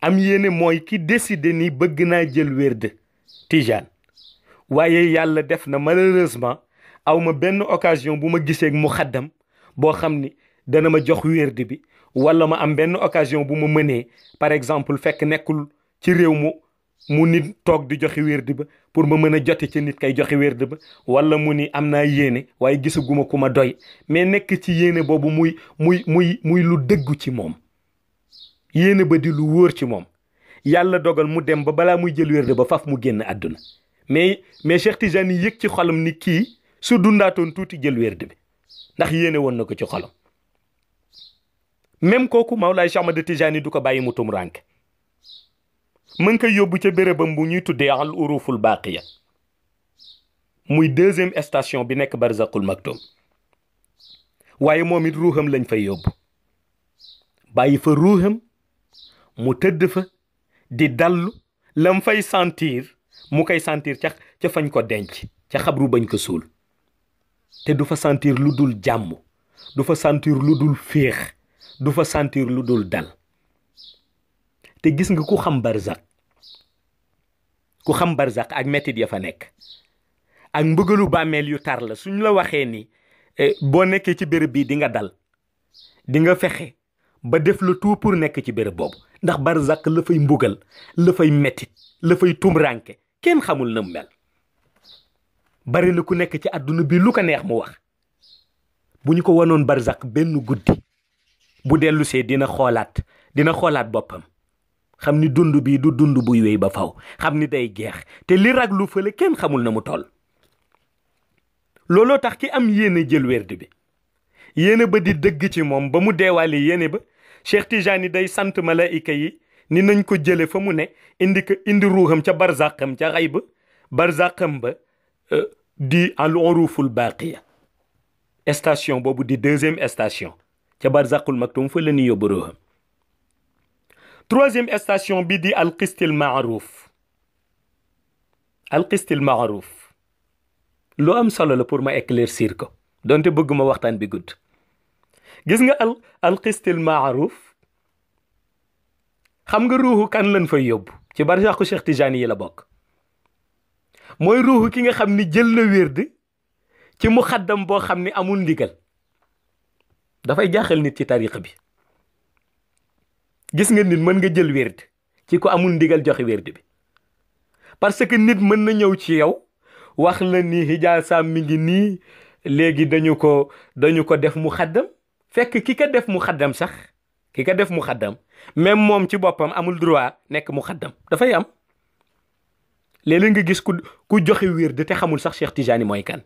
am yéene mooy ki décidé ni bëgg naa jël wérd Tijane waaye yàlla def na malheureusement aw ma benn occasion bu ma gisee mu xaddam boo xam ni dana ma jox wérdi bi wala ma am benn occasion bu ma mënee par exemple fekk nekkul ci réew mu mu nit toog di joxe wérdi ba pour ma mën a jote ci nit kay joxe wérdi ba wala mu ni am naa yéene waaye gisaguma ku ma doy mais nekk ci yéene boobu muy muy muy muy lu dëggu ci moom yéene ba di lu wóor ci moom yàlla dogal mu dem ba balaa muy jël wérde ba faf mu génn àdduna mais mais Cheikh Tijani yëg ci xolam ni kii su dundaatoon tuuti jël wérde bi ndax yéene woon na ko ci xolam même kooku Mawlaay Cheikh Ahmad Tijani du ko bàyyi mu tum rànk mën koy yóbbu ca bérébam bu ñuy tuddee al uruful baaqiya muy deuxième station bi nekk barzakul maktoum waaye moom it ruuxam lañ fay yóbbu bàyyi fa ruuxam mu tëdd fa di dallu lam fay sentir mu koy sentir ca ca fañ ko denc ca xabru bañ ko suul te du fa sentir lu dul jàmm du fa sentir lu dul féex du fa sentir lu dul dal te gis nga ku xam barzak ku xam barzak ak metit ya fa nekk ak mbëggalu bàmmeel yu tar la suñ la waxee ni eh, boo nekkee ci béréb bii di nga dal di nga fexe ba def le tout pour nekk ci béréb boobu ndax barzak la fay mbugal la fay mettit la fay tumranke kenn xamul na mu mel bari na ku nekk ci àdduna bi lu ko neex mu wax bu ñu ko wanoon barzak benn guddi bu dellu see dina xoolaat dina xoolaat boppam xam ni dund bii du dund buy wéy ba faw xam ni day geex te li rag lu fële kenn xamul na mu toll looloo tax ki am yéene jël werd bi yéene ba di dëgg ci moom ba mu deewaale yéene ba Cheikh Tijani day sant malaayika yi ni nañ ko jële fa mu ne indi ko indi ruuxam ca am ca xay ba barzaqam ba euh, di al uruful baaqiya station boobu di deuxième station ca mag maktum fa la ñu yóbbu ruuxam troisième station bi di al qistil maaruf al qistil maaruf lu am solo la pour ma éclaircir ko donte bëgguma waxtaan bi gudd gis nga al alqistil maaruf xam nga ruuxu kan lañ fay yóbbu ci barsaxu Cheikh Tijani yi la bokk mooy ruuxu ki nga xam ni jël na wérd ci muxaddam boo xam ni amul ndigal dafay jaaxal nit ci tariqa bi gis nga nit mën nga jël wérd ci ko amul ndigal joxe wérd bi parce que nit mën na ñëw ci yow wax la ni hijaasaam mi ngi nii léegi dañu ko dañu ko def muxaddam fekk ki ka def mu xaddam sax ki ka def mu xaddam même moom ci boppam amul droit nekk mu xaddam dafay am léeg nga gis ku ku joxe wird te xamul sax Cheikh Tijani mooy kan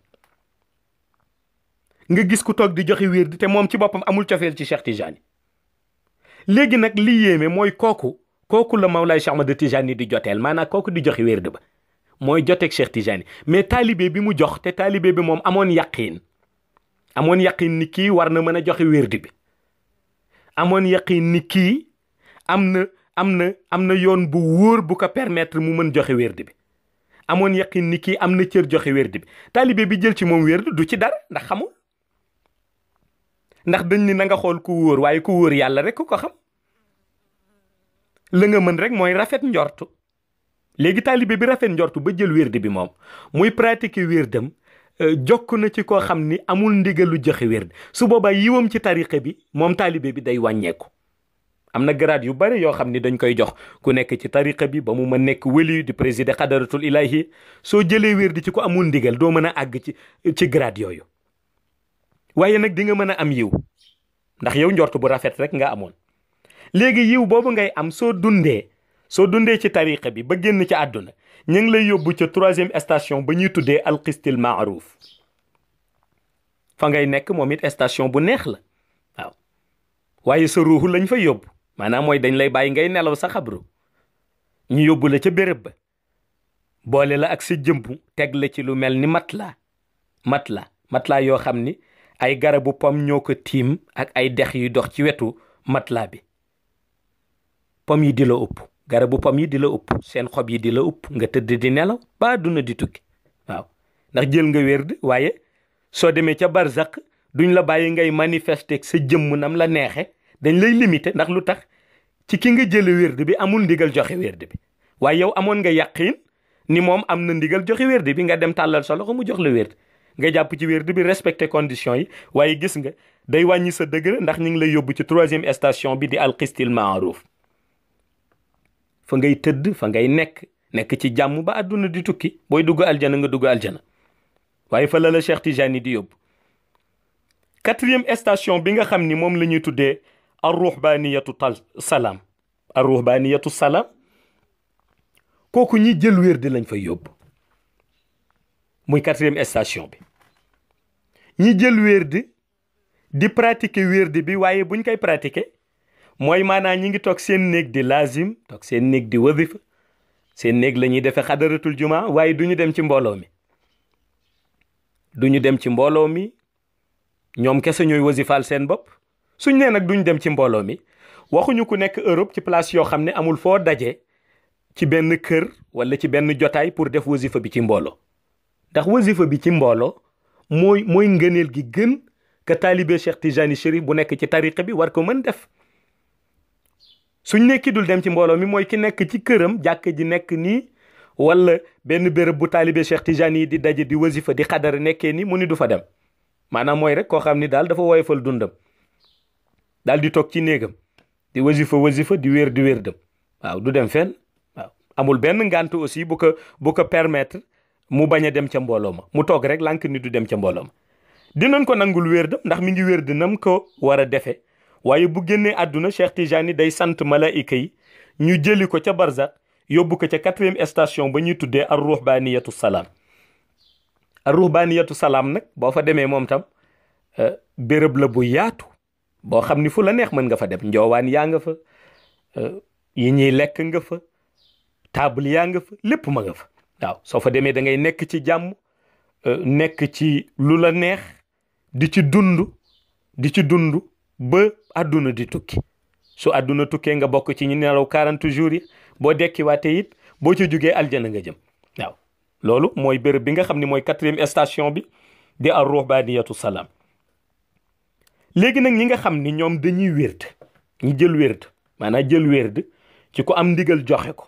nga gis ku toog di joxe wird te moom ci boppam amul cofeel ci Cheikh Tijani léegi nag li yéeme mooy kooku kooku la Mawlaay Cheikh Ahmad Tijani di joteel maanaam kooku di joxe wird ba mooy joteeg Cheikh Tijani mais taalibe bi mu jox te taalibe bi moom amoon yàqiin amoon yaqin ni kii war na mën a joxe wérdi bi amoon yaqin ni kii am na am na am na yoon bu wóor bu ko permettre mu mën joxe wérdi bi amoon yaqin ni kii am na cër joxe wérdi bi taalibe bi jël ci moom wérdi du ci dara ndax xamul ndax dañ ni na nga xool ku wóor waaye ku wóor yàlla rek ku ko xam la nga mën rek mooy rafet njortu léegi taalibe bi rafet njortu ba jël wérdi bi moom muy pratiquer wérdam Euh, jokk na ci koo xam ni amul ndigalu joxe wér su boobaa yiwam ci tariqa bi moom taalibe bi day wàññeeku am na grade yu bari yoo xam ni dañ koy jox ku nekk ci tariqa bi ba mu ma nekk wëliyu di présider xadaratul ilahi soo jëlee wér di ci ko amul ndigal doo mën a àgg ci ci grade yooyu waaye nag di nga mën a am yiw ndax yow njort bu rafet rek nga amoon léegi yiw boobu ngay am soo dundee soo dundee ci tariqa bi ba génn ci àdduna ñu ngi lay yóbbu ca troisième station ba ñuy tuddee alxistil maaruuf fa ngay nekk moom it station bu neex la waaw waaye sa ruuxu lañ fa yóbbu maanaam mooy dañ lay bàyyi ngay nelaw sa xabru ñu yóbbu la ca béréb ba boole la ak si jëmbu teg la ci lu mel ni matelas matelas matelas yoo xam ni ay garabu pom ñoo ko tiim ak ay dex yu dox ci wetu matelas bi pom yi di la ëpp garabu pom yi di la upp seen xob yi di la upp nga tëdd di nelaw ba àdduna di tukki waaw ndax jël nga wér di waaye soo demee ca barzak duñ la bàyyi ngay manifester sa jëmm nam la neexe dañ lay limité ndax lu tax ci ki nga jële wérd bi amul ndigal joxe wérd bi waaye yow amoon nga yàqiin ni moom am na ndigal joxe wérd bi nga dem tàllal sa loxo mu jox la wérd nga jàpp ci wérd bi respecté condition yi waaye gis nga day wàññi sa dëgër ndax ñu ngi lay yóbbu ci troisième station bi di alxistil maaruuf fa ngay tëdd fa ngay nekk nekk ci jàmm ba àdduna di tukki booy dugg aljana nga dugg aljana waaye fa la la Cheikh Tijani di yóbbu quatrième station bi nga xam ni moom la ñuy tuddee arruhbaniyatu tal salaam arruhbaniyatu salaam kooku ñi jël wér di lañ fa yóbbu muy quatrième station bi ñi jël wér di di pratiquer wér di bi waaye buñ koy pratiquer mooy maanaa ñi ngi toog seen néeg di lazim toog seen néeg di wadifa seen néeg la ñuy defee xadaratul jumaa waaye du ñu dem ci mbooloo mi du ñu dem ci mbooloo mi ñoom kese ñooy wasifaal seen bopp suñ nee nag duñ dem ci mbooloo mi waxuñu ku nekk Europe ci place yoo xam ne amul foo daje ci benn kër wala ci benn jotaay pour def wasifa bi ci mbooloo ndax wasifa bi ci mbooloo mooy mooy ngëneel gi gën ka taalibe Cheikh Tijani Chérif bu nekk ci tariqa bi war ko mën def suñ nekki dul dem ci mbooloo mi mooy ki nekk ci këram jàkk ji nekk nii wala benn béréb bu taalibe Cheikh Tijani yi di daje di wasifa di xadara nekkee nii mu ni du fa dem maanaam mooy rek koo xam ni daal dafa woyofal dundam daal di toog ci néegam di wasifa wasifa di wér di wér dem waaw du dem fenn amul benn ngànt aussi bu ko bu ko permettre mu bañ a dem ca mbooloo ma mu toog rek lank ni du dem ca mbooloo ma dinañ ko nangul wér dem ndax mi ngi wér dinam ko war a defee waaye bu génnee àdduna Cheikh Tijani day sant malaayika yi ñu jëli ko ca barzak yóbbu ko ca quatrième station ba ñuy tuddee ar ruhbaniyatu salaam ar ruhbaniyatu salaam nag boo fa demee moom tam euh, béréb la bu yaatu boo xam ni fu la neex mën nga fa dem njoowaan yaa nga fa euh, yi ñuy lekk nga fa table yaa nga fa lépp ma nga fa waaw soo fa demee da ngay nekk ci jàmm euh, nekk ci lu la neex di ci dund di ci dundu ba àdduna di tukki su adduna tukkee nga bokk ci ñu nelaw 40 jours boo boo dekkiwaatee it boo ci jugee aljana nga jëm waaw loolu mooy bërëb bi nga xam ni mooy quatrième station bi di ar ruhbaniyatu salaam léegi nag ñi nga xam ni ñoom dañuy wérd ñu jël wérd maanaam jël wérd ci ko am ndigal joxe ko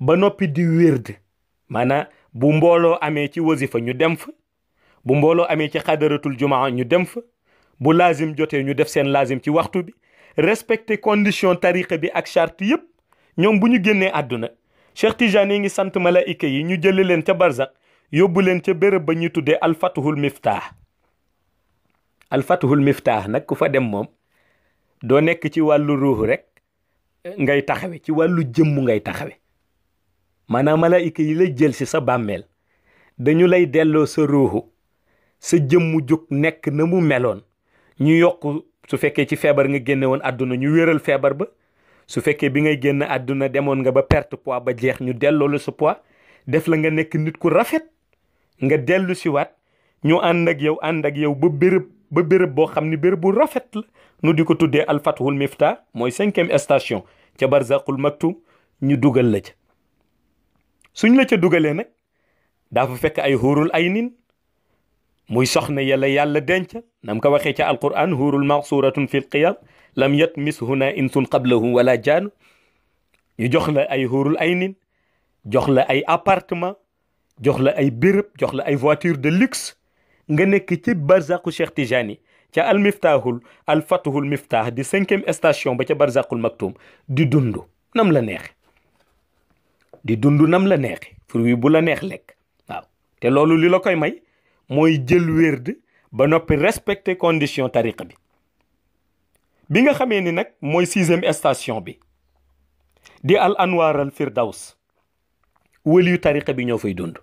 ba noppi di wérd maanaam bu mbooloo amee ci wasifa ñu dem fa bu mbooloo amee ci xadaratul jumaa ñu dem fa bu laazim jotee ñu def seen laazim ci waxtu bi respecté condition tariqa bi ak charte yëpp ñoom bu ñu génnee àdduna Cheikh Tijaan yi ngi sant malaayika yi ñu jële leen ca barzak yóbbu leen ca bërëb ba ñuy tuddee alfatuhul miftaax alfatuhul miftaax nag ku fa dem moom doo nekk ci wàllu ruux rek ngay taxawe ci wàllu jëmm ngay taxawe maanaam malaayika yi lay jël si sa bàmmeel dañu lay delloo sa ruuxu sa jëmmu jóg nekk na mu meloon ñu yokk su fekkee ci feebar nga génne woon àdduna ñu wéral feebar ba su fekkee bi ngay génn àdduna demoon nga ba perte pois ba jeex ñu delloo la sa pois def la nga nekk nit ku rafet nga dellu si waat ñu ànd ak yow ànd ak yow ba béréb ba bërëb boo xam ni béréb bu rafet la nu di ko tuddee alfathul mifta mooy cinquième station ca barzaqul maktum ñu dugal la ca suñ la ca dugalee nag daa fa fekk ay xuurul ay nin muy soxna yàlla yàlla denc nam ko waxee ca alquran huurul maxsuuratun fi lqiyam lam yatmishunna insun qablahum wala jaan ñu jox la ay huurul ay nin jox la ay appartement jox la ay béréb jox la ay voiture de luxe nga nekk ci barzaqu Cheikh Tijani ca al miftahul al fatuhul miftah di cinquième station ba ca barzaqul maktum di dund nam la neexe di dund nam la neexe fruit bu la neex lekk te loolu li la may mooy jël wérd ba noppi respecter condition tariqa bi bi nga xamee ni nag mooy sixième estation bi di al anwaar al firdaws wëliyu tariqa bi ñoo fay dund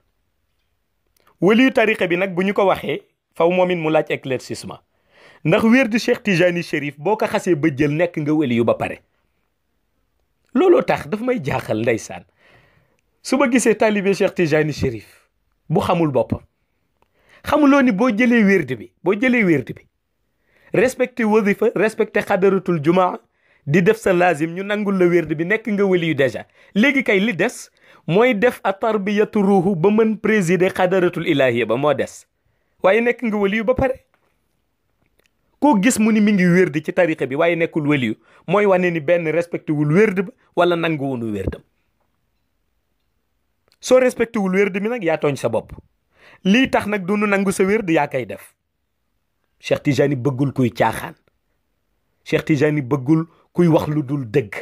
wëliyu tariqa bi nag bu ñu ko waxee faw moom it mu laaj éclaircissement ndax wér di Cheikh Tijani Chérif boo ko xasee ba jël nekk nga wëliyu ba pare looloo tax dafa may jaaxal ndeysaan su ma gisee taalibe Cheikh Tijani Chérif bu xamul boppam xamuloo ni boo jëlee wérdi bi boo jëlee wérdi bi respecté wazifa respecté xadaratul jumaa di def sa lazim ñu nangul la wérdi bi nekk nga wëli yu dèjà léegi kay li des mooy def a tarbiyatu ruuhu ba mën présider xadaratul ilahiya ba moo des waaye nekk nga wëli ba pare koo gis mu ni mi ngi wérdi ci tariqa bi waaye nekkul wëli mooy wane ni benn respecté wul wérdi ba wala nanguwunu wérdam soo respecté wul wérdi bi nag yaa tooñ sa bopp lii tax nag du nangu sa wér du yaa koy def Cheikh Tijani bëggul kuy caaxaan Cheikh Tijani bëggul kuy wax lu dul dëgg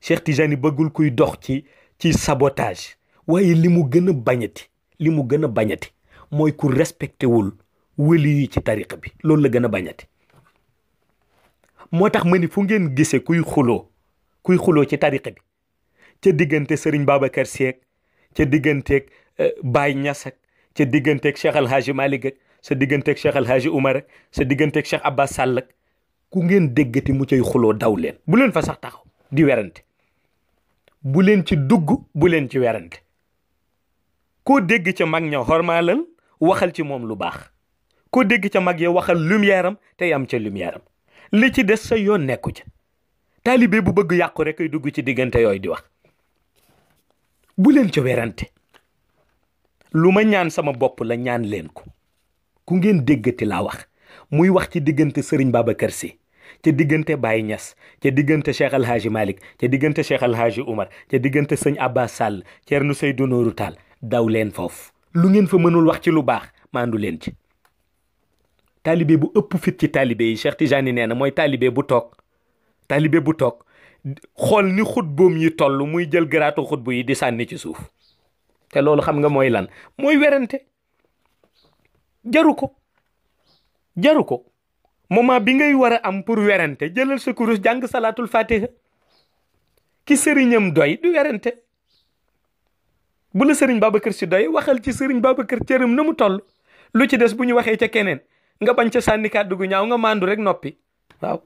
Cheikh Tijani bëggul kuy dox ci ci sabotage waaye li mu gën a bañati li mu gën a bañati mooy ku respecté wul wëli ci tariqa bi loolu la gën a bañati moo tax ma ni fu ngeen gisee kuy xuloo kuy xuloo ci tariqa bi ca diggante Serigne Babacar Seck ca digganteeg eh, Baye Niass ak ca digganteeg Cheikh El Hadj Malick ak sa diggante Cheikh El Hadj Oumar ak sa digganteeg Cheikh Abbas Sall ak ku ngeen déggati mu cay xuloo daw leen bu leen fa sax taxaw di werante bu leen ci dugg bu leen ci werante koo dégg ca mag ña hormaalal waxal ci moom lu baax koo dégg ca mag ya waxal lumière am te am ca lumière am li ci des sa yoon nekku ca taalibe bu bëgg yàqu rek ay dugg ci diggante yooyu di wax bu leen ca werante lu ma ñaan sama bopp la ñaan leen ko ku ngeen déggati laa wax muy wax ci diggante Serigne Babacar Sy ca diggante Baye Niass ca diggante Cheikh El Hadj diggante Cheikh El Hadj Oumar ca diggante sëñ Abbas Sall Thierno Seydou Nourou Tall daw leen foofu lu ngeen fa mënul wax ci lu baax maandu leen ci. taalibe bu ëpp fit ci taalibe yi Cheikh Tijani nee na mooy taalibe bu toog taalibe bu toog xool ni xutboom yi toll muy jël garaatu xutbu yi di sànni ci suuf. te loolu xam nga mooy lan mooy werante jaru ko jaru ko moment bi ngay war a am pour werante jëlal sa jàng salaatul fatiha ki sëriñam doy du werante bu la sëriñ kër si doy waxal ci sëriñ kër cëram na mu toll lu ci des bu ñu waxee ca keneen nga bañ ca sànni kàddu gu ñaaw nga maandu rek noppi waaw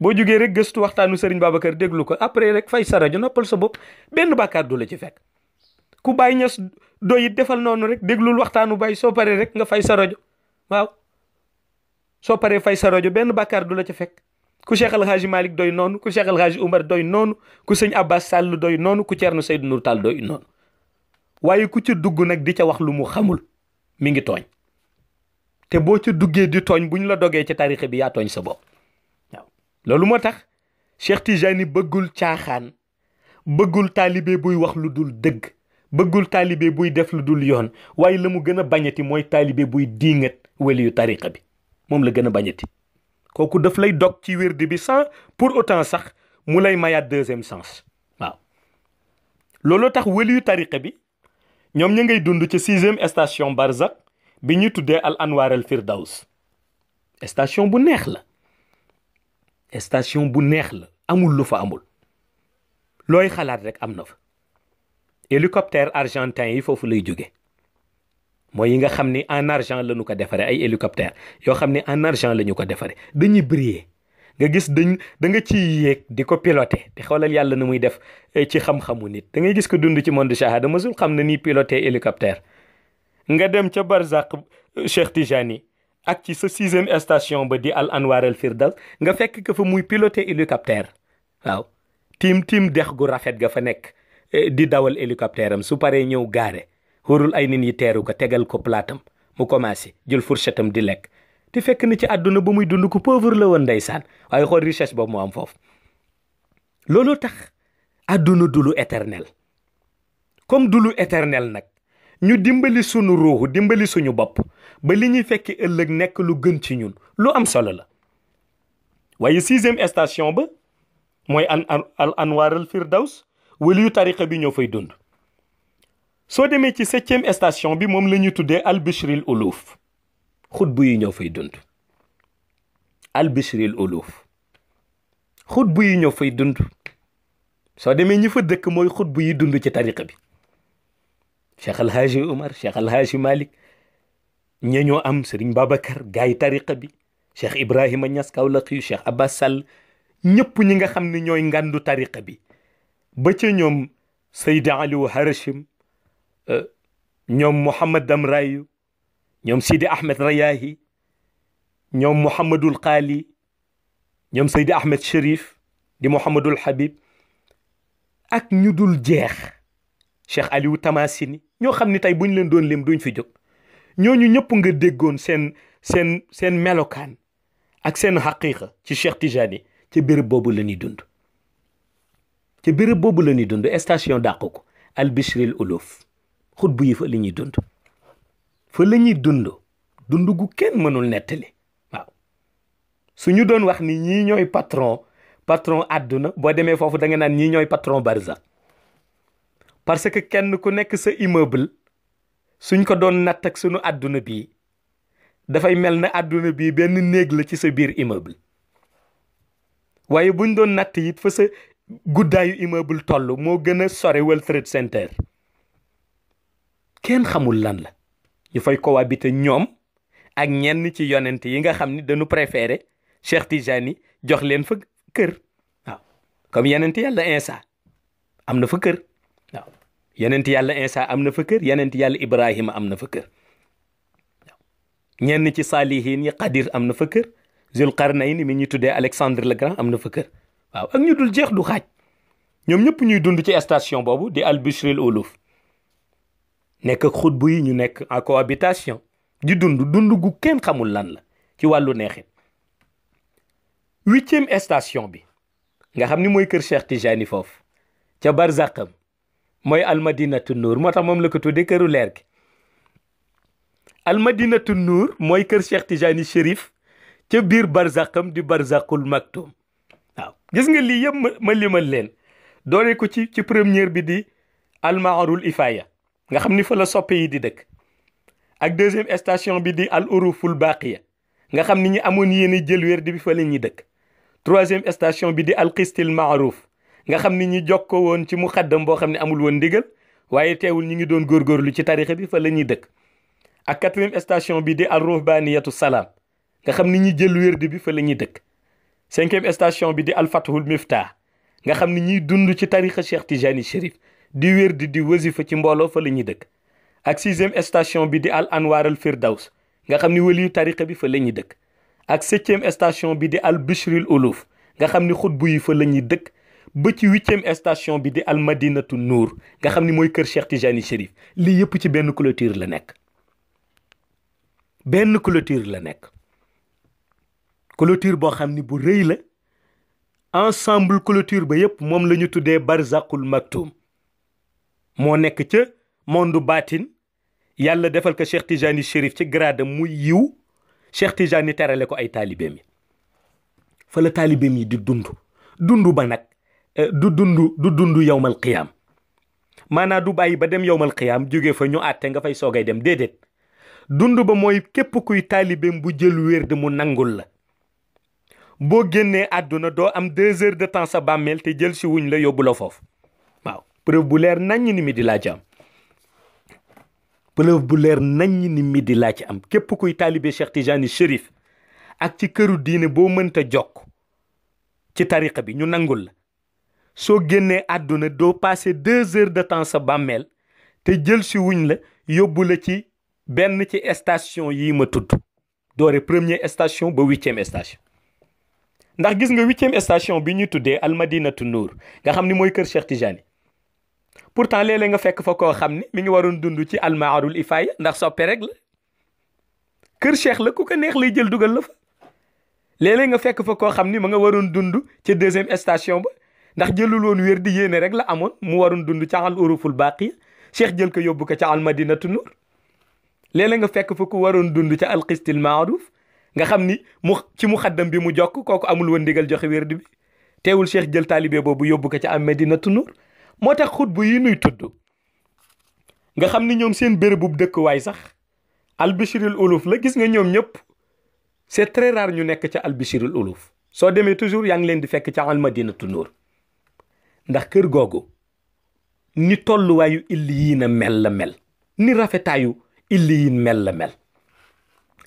boo jugee rek gëstu waxtaanu sëriñ kër déglu ko après rek fay sa rajo noppal sa bopp benn bàkkaar du la ci fekk ku Baye Niass doyit defal noonu rek déglul waxtaanu Baye soo paree rek nga fay sa rajo waaw soo paree fay sa rajo benn bàkkaar du la ca fekk ku Cheikh El Hadji doy noonu ku Cheikh El Hadji Oumar doy noonu ku sëñ Abbas Sall doy noonu ku Thierno Seydou Nour Tall doy noonu waaye ku ca dugg nag di ca wax lu mu xamul mi ngi tooñ te boo ca duggee di tooñ bu ñu la dogee ca tarixe bi yaa tooñ sa bopp loolu moo tax Cheikh Tijani bëggul caaxaan bëggul taalibe buy wax lu dul dëgg bëggul taalibe buy def lu dul yoon waaye la mu gën a bañati mooy taalibe buy diingat waliyu tariqa bi moom la gën a bañati kooku daf lay dog ci wérdi bi sans pour autant sax mu lay mayaat deuxième sens waaw looloo tax wëliyu tariqa bi ñoom ñu ngay dund ci sixième station Barzak bi ñu tuddee al anwaar al firdaws station bu neex la station bu neex la amul lu fa amul looy xalaat rek am na fa hélicoptère argentin yi foofu lay joge mooy yi nga xam ni en argent la ñu ko defaree ay hélicoptère yoo xam ni en argent la ñu ko defaree dañuy briller nga gis dañ da nga ciy yéeg di ko piloter te xoolal yàlla na muy def eh, ci xam-xamu nit da ngay gis ko dund ci monde shahada masul xam na ni piloter hélicoptère nga dem ca Barzak eh, Cheikh Tijani ak ci sa sixième station ba di Al Anwar Al Firdaws nga fekk ko fa muy piloter hélicoptère waaw tiim tiim dex gu rafet ga fa nekk Eh, di dawal hélicoptère am su paree ñëw gaare xurul ay nit yi teeru ko tegal ko platam mu commencé jël fourchette di lekk te fekk na ci àdduna ba muy dund ko pauvre la woon ndeysaan waaye xool richesse boobu mu am foofu looloo tax adduna du lu éternel comme du éternel nag ñu dimbali sunu ruuxu dimbali suñu bopp ba li ñuy fekki ëllëg nekk lu gën ci ñun lu am solo la waaye sixième station ba mooy an al anwaar al wala yu tariqa bi ñoo fay dund soo demee ci septième station bi moom la tuddee tuddee albishril uluf xutbu yi ñoo fay dund albishril uluf xutbu yi ñoo fay dund soo demee ñi fa dëkk mooy bu yi dund ci tariqa bi cheikh alhaaji omar cheikh alhaaji malik ña ñoo am sëriñ babacar gaay tariqa bi cheikh ibrahima ñas kawlax yu cheikh abbas sall ñëpp ñi nga xam ni ñooy ngandu tariqa bi ba ca ñoom Seydi Aliou Harachim euh, ñoom Mouhamad Damrayu ñoom Sidi Ahmed Rayahi ñoom Mouhamadul Qaali ñoom Seydi Ahmed Cherif di Mouhamadul Habib ak ñu dul jeex Cheikh Aliou Tamasini ñoo xam ni tey buñ leen doon lim duñ fi jóg ñooñu ñëpp nga déggoon seen seen seen melokaan ak seen xaqiqa ci Cheikh Tijani ci béréb boobu la ñuy dund ci béréb boobu la ñuy dund station dàq ko albishril uluf xutbu yi fa la ñuy dund fa la ñuy dund dund gu kenn mënul nettali waaw su doon wax ni ñii ñooy patron patron àdduna boo demee foofu da nga naan ñii ñooy patron barza parce que kenn ku nekk sa immeuble suñ ko doon natt ak suñu àdduna bii dafay mel na àdduna bii benn néeg la ci sa biir immeuble waaye buñ doon natt it fa sa guddaayu immeuble toll moo gën a sore World Trade Center kenn xamul lan la ñu fay bite ñoom ak ñenn ci yonent yi nga xam ni dañu préféré Cheikh Tijani jox leen fa kër waaw comme yonent yàlla Insa am na fa kër waaw yonent yàlla Insa am na fa kër yonent yàlla Ibrahima am na fa kër ñenn ci saalihiin yi Qadir am na fa kër Zulqarnayn mi ñu tuddee Alexandre le Grand am na fa kër. waaw ak ñu dul jeex du xaaj ñoom ñëpp ñuy dund ci station boobu di Al Bishril Uluf nekk ak xutbu yi ñu nekk en cohabitation di dund dund gu kenn xamul lan la ci wàllu neexit huitième station bi nga xam ni mooy kër Cheikh Tijani foofu ca Barzakam mooy almadinatu nuur moo moom la ko këru leer gi almadinatu nuur mooy kër Cheikh Tijani Chérif ca biir Barzakam di Barzakul Maktoum waaw gis nga lii yëpp ma limal leen doole ko ci ci première bi di almaarul ifaya nga xam ni fa la soppe yi di dëkk ak deuxième station bi di al uruful baqiya nga xam ni ñi amoon yéen jël wér di bi fa la ñuy dëkk troisième station bi di al qistil maaruf nga xam ni ñi jokkoo woon ci mu xaddam boo xam ne amul woon ndigal waaye teewul ñi ngi doon góorgóorlu ci tarixa bi fa la ñuy dëkk ak quatrième station bi di al ruhbaniyatu nga xam ni ñi jël wérdi bi fa la ñuy dëkk cinquième station bi di alfatahul miftah nga xam ni ñuy dund ci tarixa Cheikh Tijani Chérif di wér di di wasifa ci mbooloo fa la ñuy dëkk ak sixième station bi di al anwar al firdaws nga xam ni waliyu tarixa bi fa la ñuy dëkk ak septième station bi di al bishril uluf nga xam ni xutbu yi fa la ñuy dëkk ba ci huitième station bi di al madinatu nuur nga xam ni mooy kër Cheikh Tijani Chérif lii yëpp ci benn clôture la nekk benn clôture la nekk clôture boo xam ni bu rëy la ensemble clôture ba yépp moom la ñu tuddee barzaqul maktum moo nekk ca monde baatin yàlla defal ko Cheikh Tijani Chérif ci grade mu yiw Cheikh Tijani terale ko ay taalibeem yi fa la taalibeem yi di dund dund ba nag eh, du dund du dund yowmal qiyaam maanaa du bàyyi ba dem yowmal qiyaam jóge fa ñu àtte nga fay soogay dem déedéet dund ba mooy képp kuy taalibeem bu jël wér de mu nangul la boo génnee àdduna doo am deux heures de temps sa bàmmeel te jël si wuñ la yóbbu la foofu waaw preuve bu leer naññ ni mi di laa ci am preuve bu leer naññ ni mi di laa ci am képp kuy taalibe Cheikh Tijani Chérif ak ci këru diine boo mënta jokk ci tariqa bi ñu nangul la soo génnee àdduna doo passé deux heures de temps sa bàmmeel te jël si wuñ la yóbbu la ci benn ci station yi ma tudd doore première station ba huitième station ndax gis nga huitième station bi ñuy tuddee almadinatu nuur nga xam ni mooy kër Cheikh ti pourtant léeg-léeg nga fekk fa koo xam ni mi ngi waroon dund ci almaarul ifaaya ndax soppe rek kër Cheikh la ko neex lay jël dugal la fa nga fekk fa koo xam ni ma nga waroon dund ca deuxième station ba ndax jëlul woon wér di yéene rek la amoon mu waroon dund ca al uruful baaqiya Cheikh jël ko yóbbu ko ca almadinatu nuur léeg-léeg nga fekk fa ku waroon dund ca alqistil maaruf nga xam ni mu ci mu xaddam bi mu jokk kooku amul woon ndigal joxe wérdi bi teewul cheikh jël taalibe boobu yóbbu ko ca am Madinatu Nuur moo tax xutbu yi nuy tudd nga xam ni ñoom seen bérébub dëkkuwaay sax albishirul uluf la gis nga ñoom ñëpp c'est très ñu nekk ci albishirul uluf soo demee toujours yaa ngi leen di fekk ca al Madinatu Nuur ndax kër googu ni tolluwaayu illi yii na mel la mel ni rafetaayu illi yiin mel la mel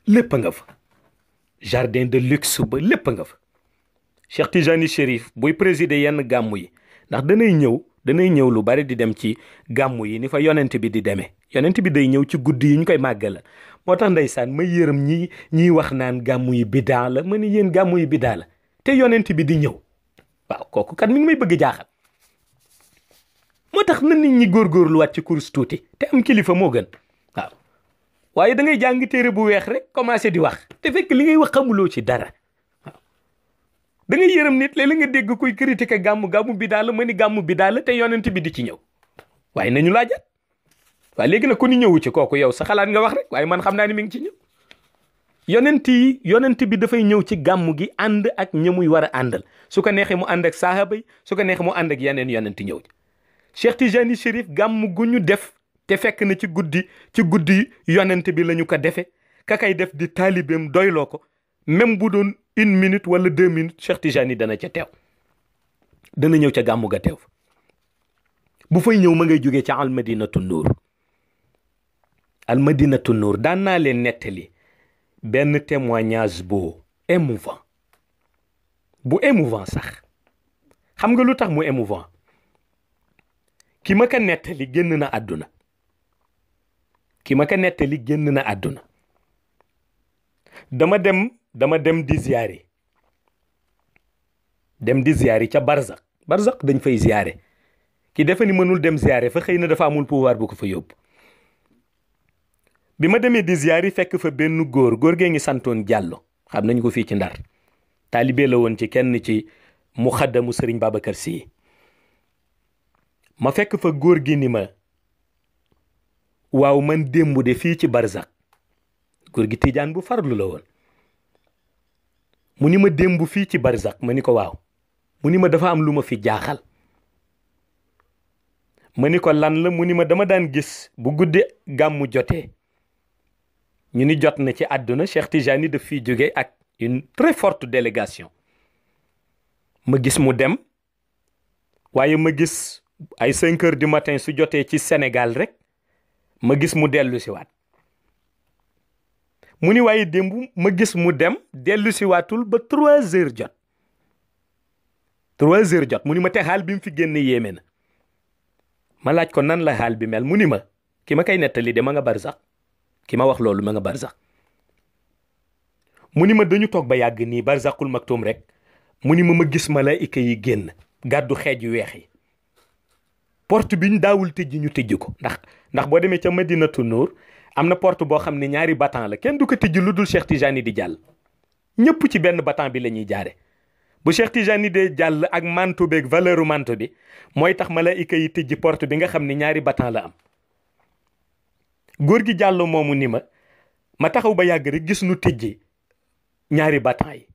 lépp nga fa jardin de luxe ba lépp nga fa Cheikh Tijani Chérif buy présider yenn gàmmu yi ndax danay ñëw danay ñëw lu bari di dem ci gàmmu yi ni fa yonent bi di demee yonent bi day ñëw ci guddi yi ñu koy la moo tax ndeysaan ma yërëm ñi ñiy wax naan gàmmu yi bidaa la ma ni yéen gàmmu yi bidaa la te yonent bi di ñëw waaw kooku kat mu ngi may bëgg jaaxal moo tax na nit ñi góor góorgóorluwaat ci course tuuti te am kilifa moo gën waaye da ngay jàng téere bu weex rek commencé di wax te fekk li ngay wax xamuloo ci dara waaw yërëm nit léeg-léeg nga dégg koy critiquer gàmmu gàmmu bi daal la ma ni gàmmu bi daal la te yonent bi di ci ñëw waaye nañu laajat waaye léegi nag ku ni ñëwu ci kooku yow sa xalaat nga wax rek man xam naa ni mi ngi ci ñëw yonent bi dafay ñëw ci gàmmu gi ànd ak ñamuy war a àndal su ko neexee mu ànd ak saahaba yi su ko neexee mu ànd ak yeneen yonent ñëw ci Tijani Chérif gàmm gu ñu def te fekk na ci guddi ci guddi yonent bi la ñu ko defe ka kay def di taalibeem doyloo ko même bu doon une minute wala deux minutes Cheikh Tijani dana ca teew dana ñëw ca gàmmu ga teew bu fay ñëw ma ngay jóge ca almadinatu nuur almadinatu nuur daan naa leen nettali benn témoignage bu émouvant bu émouvant sax xam nga lu tax mu émouvant ki ma ko nettali génn na àdduna ki ma ko nettali génn na àdduna dama dem dama dem di ziyaare dem di ziyaare ca barzak barzak dañ fay ziyaare ki defe ni mënul dem ziyaare fa xëy na dafa amul pouvoir bu ko fa yóbbu bi ma demee di ziyaare fekk fa benn góor góor gee ngi santoon Diallo xam nañ ko fii ci Ndar taalibe la woon ci kenn ci mu xaddamu sëriñ Babacar Sy ma fekk fa góor gi ni ma waaw man démb de fii ci barzak góor gi Tidiane bu farlu la woon mu ni ma démb fii ci barzak ma ni ko waaw mu ni ma dafa am lu ma fi jaaxal ma ni ko lan la mu ni ma dama daan gis bu guddee gàmmu jotee ñu ni jot na ci àdduna Cheikh Tijani daf fi jóge ak une très forte délégation ma gis mu dem waaye ma gis ay 5 heures du matin su jotee ci senegal rek ma gis mu dellu si waat mu ni waaye démb ma gis mu dem dellu si waatul ba trois heures jot trois heures jot mu ni ma te xaal bi mu fi génn yéeme na ma laaj ko nan la xaal bi mel mu ni ma ki ma koy nettali de ma nga barsax ki ma wax loolu ma nga barsax mu ni ma dañu toog ba yàgg nii barsaxul maktoum rek mu ni ma ma gis malaayika yi génn gàddu xeej yu weex yi porte bi ñu daawul tëjji ñu tëjji ko ndax ndax boo demee ca Madinatu Nuur am na porte boo xam ne ñaari battant la kenn du ko tëjji lu dul Cheikh Tijani di jàll ñëpp ci benn battant bi la ñuy jaare bu Cheikh Tijani dee jàll ak manto beeg valeur manto bi mooy tax malaayika yi tëjji porte bi nga xam ne ñaari battant la am góor gi jàll moomu ni ma ma taxaw ba yàgg rek gis nu tëjji ñaari battant yi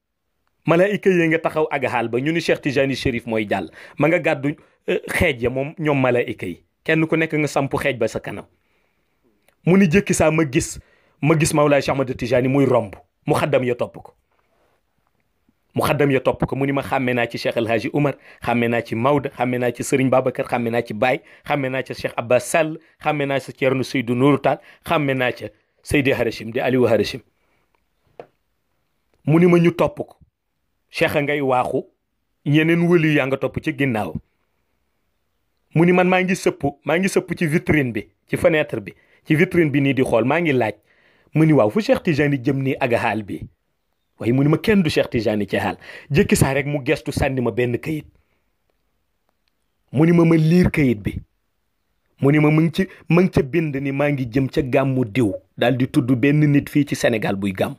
malaayika yi nga taxaw ak xaal ba ñu ni Cheikh Tijani Chérif mooy jàll ma nga gàddu xeej ya moom ñoom malaayika yi kenn ku nekk nga sampu xeej ba sa kanam mu ni jëkki saa ma gis ma gis Mawlaay Cheikh Ahmad Tijaani muy romb mu xaddam ya topp ko mu xaddam ya topp ko mu ni ma xàmme naa ci Cheikh El Hadji Oumar xàmme naa ci Maodo xàmme naa ci Serigne Babacar xàmme naa ci Baye xàmme naa ca Cheikh Abbas Sall xàmme naa ca Thierno Seydou Nourou Tall xàmme naa ca Seydi Harachim di Aliou mu ni ma ñu topp ko Cheikh ngay waaxu ñeneen wëli yaa nga topp ci ginnaaw mu ni man maa ngi sëpp maa ngi sëpp ci vitrine bi ci fenêtre bi ci vitrine bi nii di xool maa ngi laaj mu ni waaw fu Cheikh Tijani jëm nii ak xaal bi waaye mu ni ma kenn du Cheikh Tijani ci xaal jékki saa rek mu gestu sànni ma benn kayit mu ni ma ma liir kayit bi mu ni ma mu ci mu ngi ca bind ni maa ngi jëm ca gàmmu diw daal di tudd benn nit fii ci Sénégal buy gàmm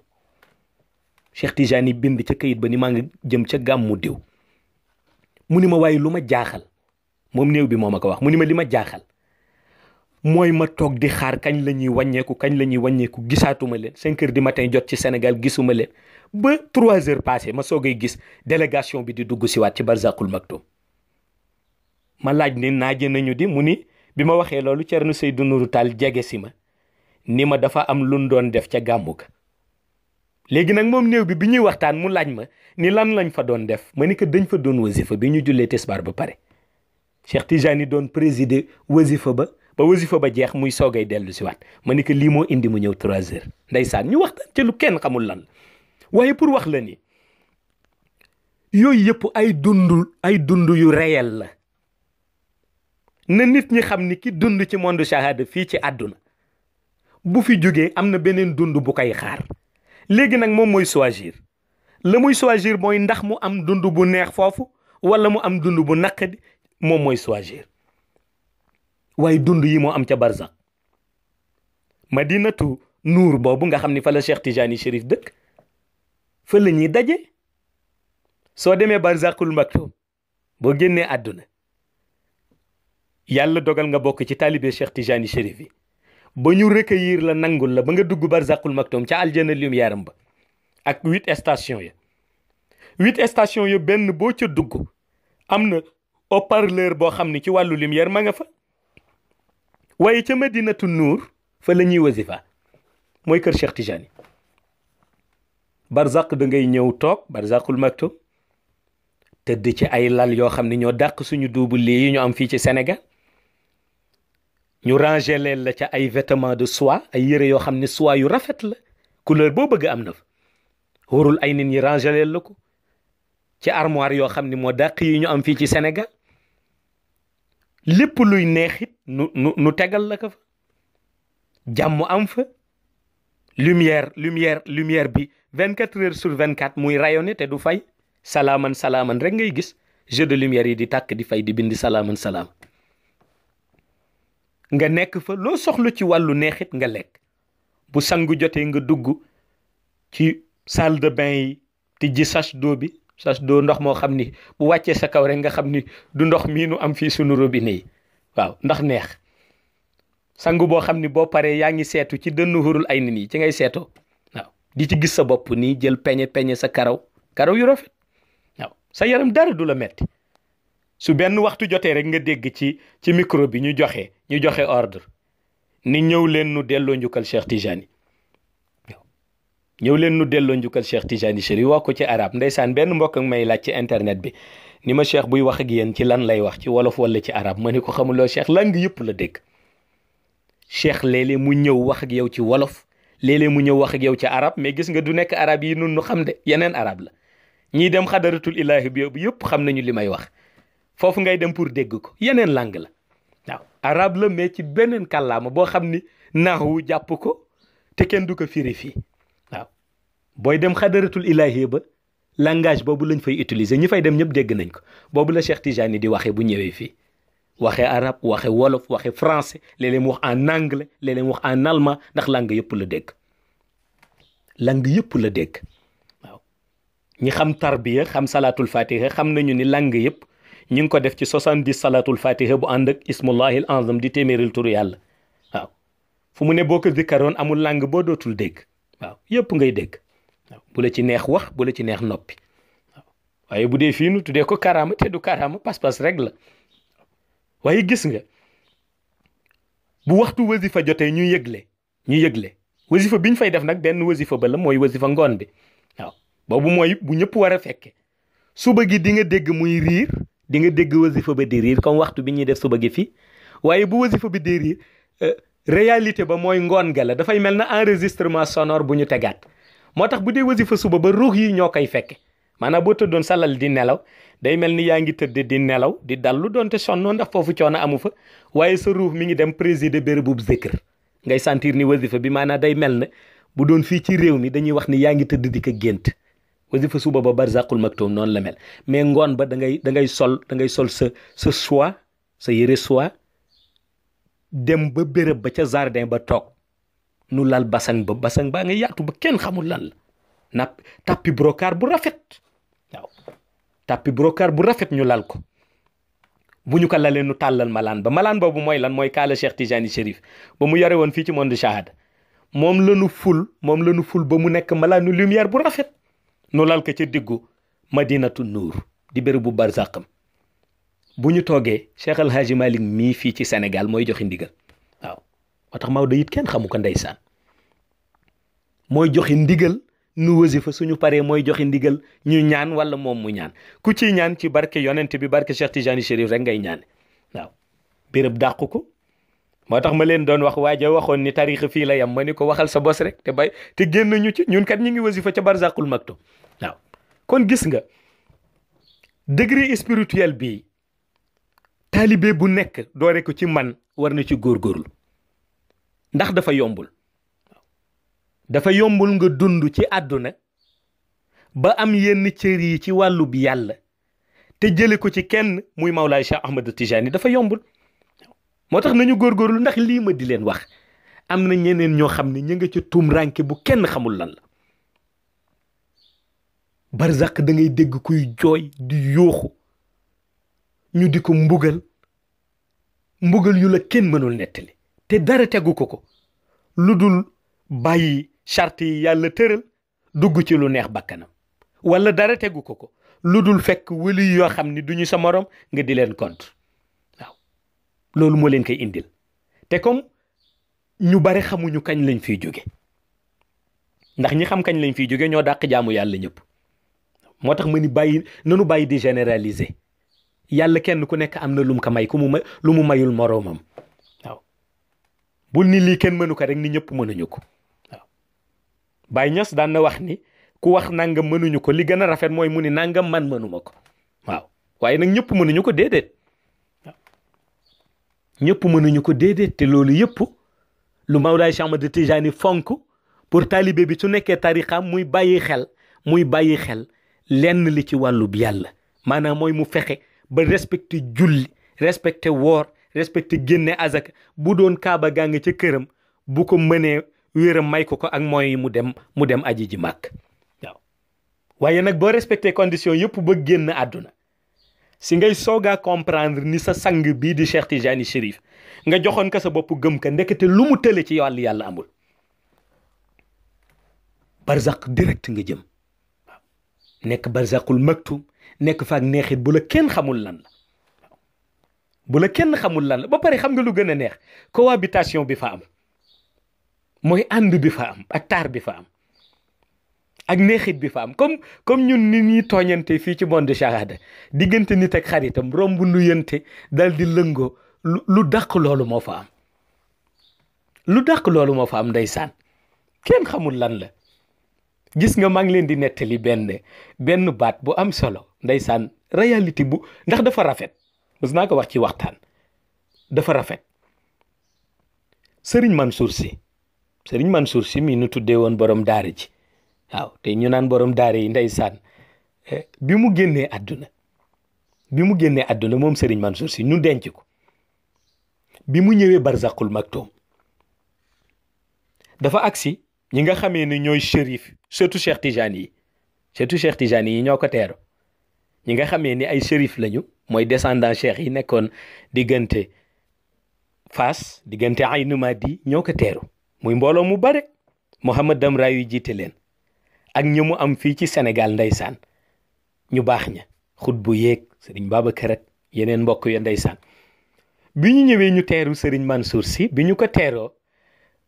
Cheikh Tijani bind ca kayit ba ni maa ngi jëm ca gàmmu diw mu ni ma waaye lu ma jaaxal moom néew bi moo ma ko wax mu ni ma li ma jaaxal mooy ma toog di xaar kañ la ñuy wàññeeku kañ la ñuy wàññeeku gisaatuma leen cinq heures du matin jot ci senegal gisuma leen ba trois heures passé ma soogay gis délégation bi di dugg siwaat ci ci Barzakul Maktoum ma laaj ni naaje nañu di mu ni bi ma waxee loolu Thierno Seydou Nourou Tall jege si ma ni ma dafa am luñ doon def ca gàmmu ga léegi nag moom néew bi bi ñuy waxtaan mu laaj ma ni lan lañ fa doon def ma ni que dañ fa doon wasifa bi ñu jullee tisbaar ba pare Cheikh Tijani doon présider wasifa ba ba wasifa ba jeex muy soogay dellu si waat ma ni que lii moo indi mu ñëw trois heures ndeysaan ñu waxtaan ci lu kenn xamul lan waaye pour wax la ni yooyu yëpp ay dund ay dund yu réel la na nit ñi xam ni ki dund ci monde shahada fii ci adduna bu fi jógee am na beneen dund bu koy xaar léegi nag moom mooy choisir la muy choisir mooy ndax mu am dund bu neex foofu wala mu am dund bu naqadi moom mooy choisir waaye dund yi moo am ca barzak madinatu nuur boobu nga xam ni fa la Cheikh Tijani Chérif dëkk fa la ñuy daje soo demee barzakul maktum boo génnee àdduna yàlla dogal nga bokk ci taalibe Cheikh Tijani Chérif yi ba ñu recueillir la nangul la ba nga dugg barzakul maktum ca aljana lium yaram ba ak huit station ya huit station ya benn boo ca dugg am na haut-parleur boo xam ni ci wàllu lumière ma nga fa waaye ca Madinatu Nuur fa la ñuy wasifa mooy kër Cheikh Tijani barzaq da ngay ñëw toog barzaqul maktum tëdd ci ay lal yoo xam ne ñoo dàq suñu duubu lii yi ñu am fii ci senegal ñu rangé leen la ca ay vêtements de soie ay yëre yoo xam ne soie yu rafet la couleur boo bëgg am na fa warul ay nit ñi rangé leen ko ci armoir yoo xam ne moo dàq yi ñu am fii ci senegal lépp luy neexit nu nu nu tegal la ko fa jàmm am fa lumière lumière lumière bi 24 heures sur 24 muy rayonné te du fay salaaman salaaman rek ngay gis jeu de lumière yi di tàkk di fay di bindi salaaman salaam nga nekk fa loo soxlu ci wàllu neexit nga lekk bu sangu jotee nga dugg ci salle de bain yi tijji sachet d'eau bi sas doo ndox moo xam ni bu wàccee sa kaw rek nga xam ni du ndox mii nu am fii sunu robinet yi waaw ndax neex sangu boo xam ni boo paree yaa ngi seetu ci dënn hurul ay nit yi ci ngay seetoo waaw di ci gis sa bopp nii jël peñe peñe sa karaw karaw yu rafet waaw sa yaram dara du la metti su benn waxtu jotee rek nga dégg ci ci micro bi ñu joxe ñu joxe ordre ni ñëw leen nu delloo njukkal Cheikh Tijani ñëw leen nu delloo njukkal Cheikh Tijani Chérif wax ko ci arab ndeysaan benn mbokk ak may laaj ci internet bi ni ma Cheikh buy wax ak yéen ci lan lay wax ci wolof walla ci arab ma ni ko xamuloo Cheikh lang yëpp la dégg Cheikh léeg mu ñëw wax ak yow ci wolof léeg mu ñëw wax ak yow ci arab mais gis nga du nekk arab yi nun nu xam de yeneen arab la ñiy dem xadaratul ilaahi bi yoobu yëpp xam nañu li may wax foofu ngay dem pour dégg ko yeneen lang la waaw arab la mais ci beneen kàllaama boo xam ni naawu jàpp ko te kenn du ko firi fii booy dem xadaratul ilaahi ba langage boobu lañ fay utiliser ñi fay dem ñëpp dégg nañ ko boobu la Cheikh Tijani di waxee bu ñëwee fii waxee arabe waxee wolof waxee français léeg mu wax en anglais léeg-léeg wax en allemand ndax langue yëpp la dégg langue yëpp la dégg waaw ñi xam tarbiya xam salaatul fatiha xam nañu ni langue yëpp ñu ngi ko def ci 70 salaatul fatiha bu ànd ak ismullahil azam di téeméeril turu yàlla waaw fu mu ne boo ko dikkaroon amul langue boo dootul dégg waaw yëpp ngay dégg. bu la ci neex wax bu la ci neex noppi waaye bu dee fii nu tuddee ko karaama te du karaama pas-pas rek la waaye gis nga bu waxtu wasifa jotee ñu yëgle ñu yëgle wasifa bi ñu fay def nag benn wasifa ba la mooy wasifa ngoon bi waaw boobu mooy bu ñëpp war a fekke suba gi di nga dégg muy riir di nga dégg wasifa ba di riir comme waxtu bi ñuy def suba gi fii waaye bu wasifa bi di riir euh, réalité ba mooy ngoon ga la dafay mel na enregistrement sonore bu ñu tegaat moo tax bu dee wasifa suba ba ruux yi ñoo koy fekke maanaam boo tëddoon salal di nelaw day mel ni yaa ngi tëdd di nelaw di dal lu dallu doonte sonnoo ndax foofu coono amu fa waaye sa ruux mi ngi dem présider bu zikr ngay sentir ni wasifa bi maanaa day mel na bu doon fii ci réew mi dañuy wax ni yaa ngi tëdd di ko gént wasifa suba ba barzaqul maktoum noonu la mel mais ngoon ba dangay ngay da ngay sol da ngay sol sa sa soie sa yére soie dem ba béréb ba ca jardin ba toog nu lal basang ba basang baa nga yaatu ba kenn xamul lan la napp tappi brocart bu rafet waaw tappi brocart bu rafet ñu lal ko bu ñu ko lale nu tàllal malaan ba malaan boobu mooy lan mooy kaala Cheikh Tijani Chérif ba mu yore woon fii ci monde shahada moom la nu ful moom la nu ful ba mu nekk malaanu lumière bu rafet nu lal ko ci diggu madinatu nuur di béréb bu barzaqam bu ñu toogee Cheikh El Hadji mii fii ci Sénégal mooy joxe ndigal moo tax Maodo it kenn xamu ko ndeysaan mooy joxe ndigal nu wasifa suñu paree mooy joxe ndigal ñu ñaan wala moom mu ñaan ku ci ñaan ci barke yonent bi barke Cheikh Tijani Chérif rek ngay ñaane waaw béréb dàq ko moo tax ma leen doon wax waaja waxoon ni tarixa fii la yam ma ni ko waxal sa bos rek te bay te génn ñu ci ñun kat ñu ngi wasifa ca barzaqul maktum waaw kon gis nga degré spirituel bi taalibe bu nekk doore ko ci man war na ci góor góorgóorlu ndax dafa yombul dafa yombul nga dund ci àdduna ba am yenn cër yi ci wàllu bi yàlla te jële ko ci kenn muy Mawlaay Cheikh Ahmad Tijaani dafa yombul moo tax nañu góor góorlu ndax lii ma di leen wax am na ñeneen ñoo xam ne ñu nga ca tuum rànke bu kenn xamul lan la barzak dangay dégg kuy jooy di yuuxu ñu di ko mbugal mbugal yu la kenn mënul nettali te dara tegu ko ko lu dul bàyyi charte yi yàlla tëral dugg ci lu neex bakkanam wala dara tegu ko ko lu dul fekk wëli yoo xam ni duñu sa moroom nga di leen compte waaw loolu moo leen koy indil te comme ñu bari xamuñu kañ lañ fiy jóge ndax ñi xam kañ lañ fiy jóge ñoo dàq jaamu yàlla ñëpp moo tax ma ni bàyyi nanu bàyyi di généraliser yàlla kenn ku nekk am na lu mu ko may ku mu may lu mu mayul moroomam bul ni lii kenn mënu ko rek ni ñëpp mënuñu ko waaw Baye Niass daan na wax ni ku wax nangam mënuñu ko li gën a rafet mooy mu ni nangam man mënuma ko waaw waaye nag ñëpp mënuñu ko déedéet waaw ñëpp mënuñu ko déedéet te loolu yëpp lu Mawlaay Cheikh Ahmad Tijaani fonk pour taalibe bi su nekkee tariqaam muy bàyyi xel muy bàyyi xel lenn li ci wàllub yàlla maanaam mooy mu fexe ba respecté julli respecté woor respecte génne azaka bu doon kaaba gaa ngi ca këram bu ko mënee wéram may ko ko ak mooy mu dem mu dem aji ji màkk waaw waaye nag boo respecté condition yëpp ba génn àdduna si ngay soog a comprendre ni sa sang bii di Cheikh Tijani Chérif nga joxoon ko sa bopp gëm ka ndekete lu mu tële ci wàll yàlla amul barzaq direct nga jëm nekk barzaqul maktum nekk faak neexit bu la kenn xamul lan la bu la kenn xamul lan la ba pare xam nga lu gën a neex cohabitation bi fa am mooy ànd bi fa am ak taar bi fa am ak neexit bi fa am comme comme ñun nit ñuy tooñante fii ci monde shahada diggante nit ak xaritam romb nuyante dal di lëngoo lu lu dàq loolu moo fa am lu dàq loolu moo fa am ndeysaan kenn xamul lan la gis nga maa leen di nettali benn benn baat bu am solo ndeysaan réalité bu ndax dafa rafet mës naa ko wax ci waxtaan dafa rafet sëriñ Mansour si sëriñ Mansour si mi nu tuddee woon borom daara ji waaw te ñu naan borom daara yi ndeysaan eh, bi mu génnee àdduna bi mu génnee àdduna moom sëriñ Mansour si ñu denc ko bi mu ñëwee barzakul maktoum dafa agsi ñi nga xamee ne ñooy shérif surtout Cheikh Tijani yi surtout Cheikh Tijani yi ñoo ko teeru ñi nga xamee ni ay shérif lañu mooy descendant cheikh yi nekkoon diggante fas diggante Aynu Madi ñoo ko teeru muy mbooloo mu bare Mouhamad Damra yi jiite leen ak ñi mu am fii ci senegal ndeysaan ñu baax ña xut bu yéeg sëriñ Babacar ak yeneen mbokk ya ndeysaan bi ñu ñëwee ñu teeru sëriñ Mansour si bi ñu ko teeroo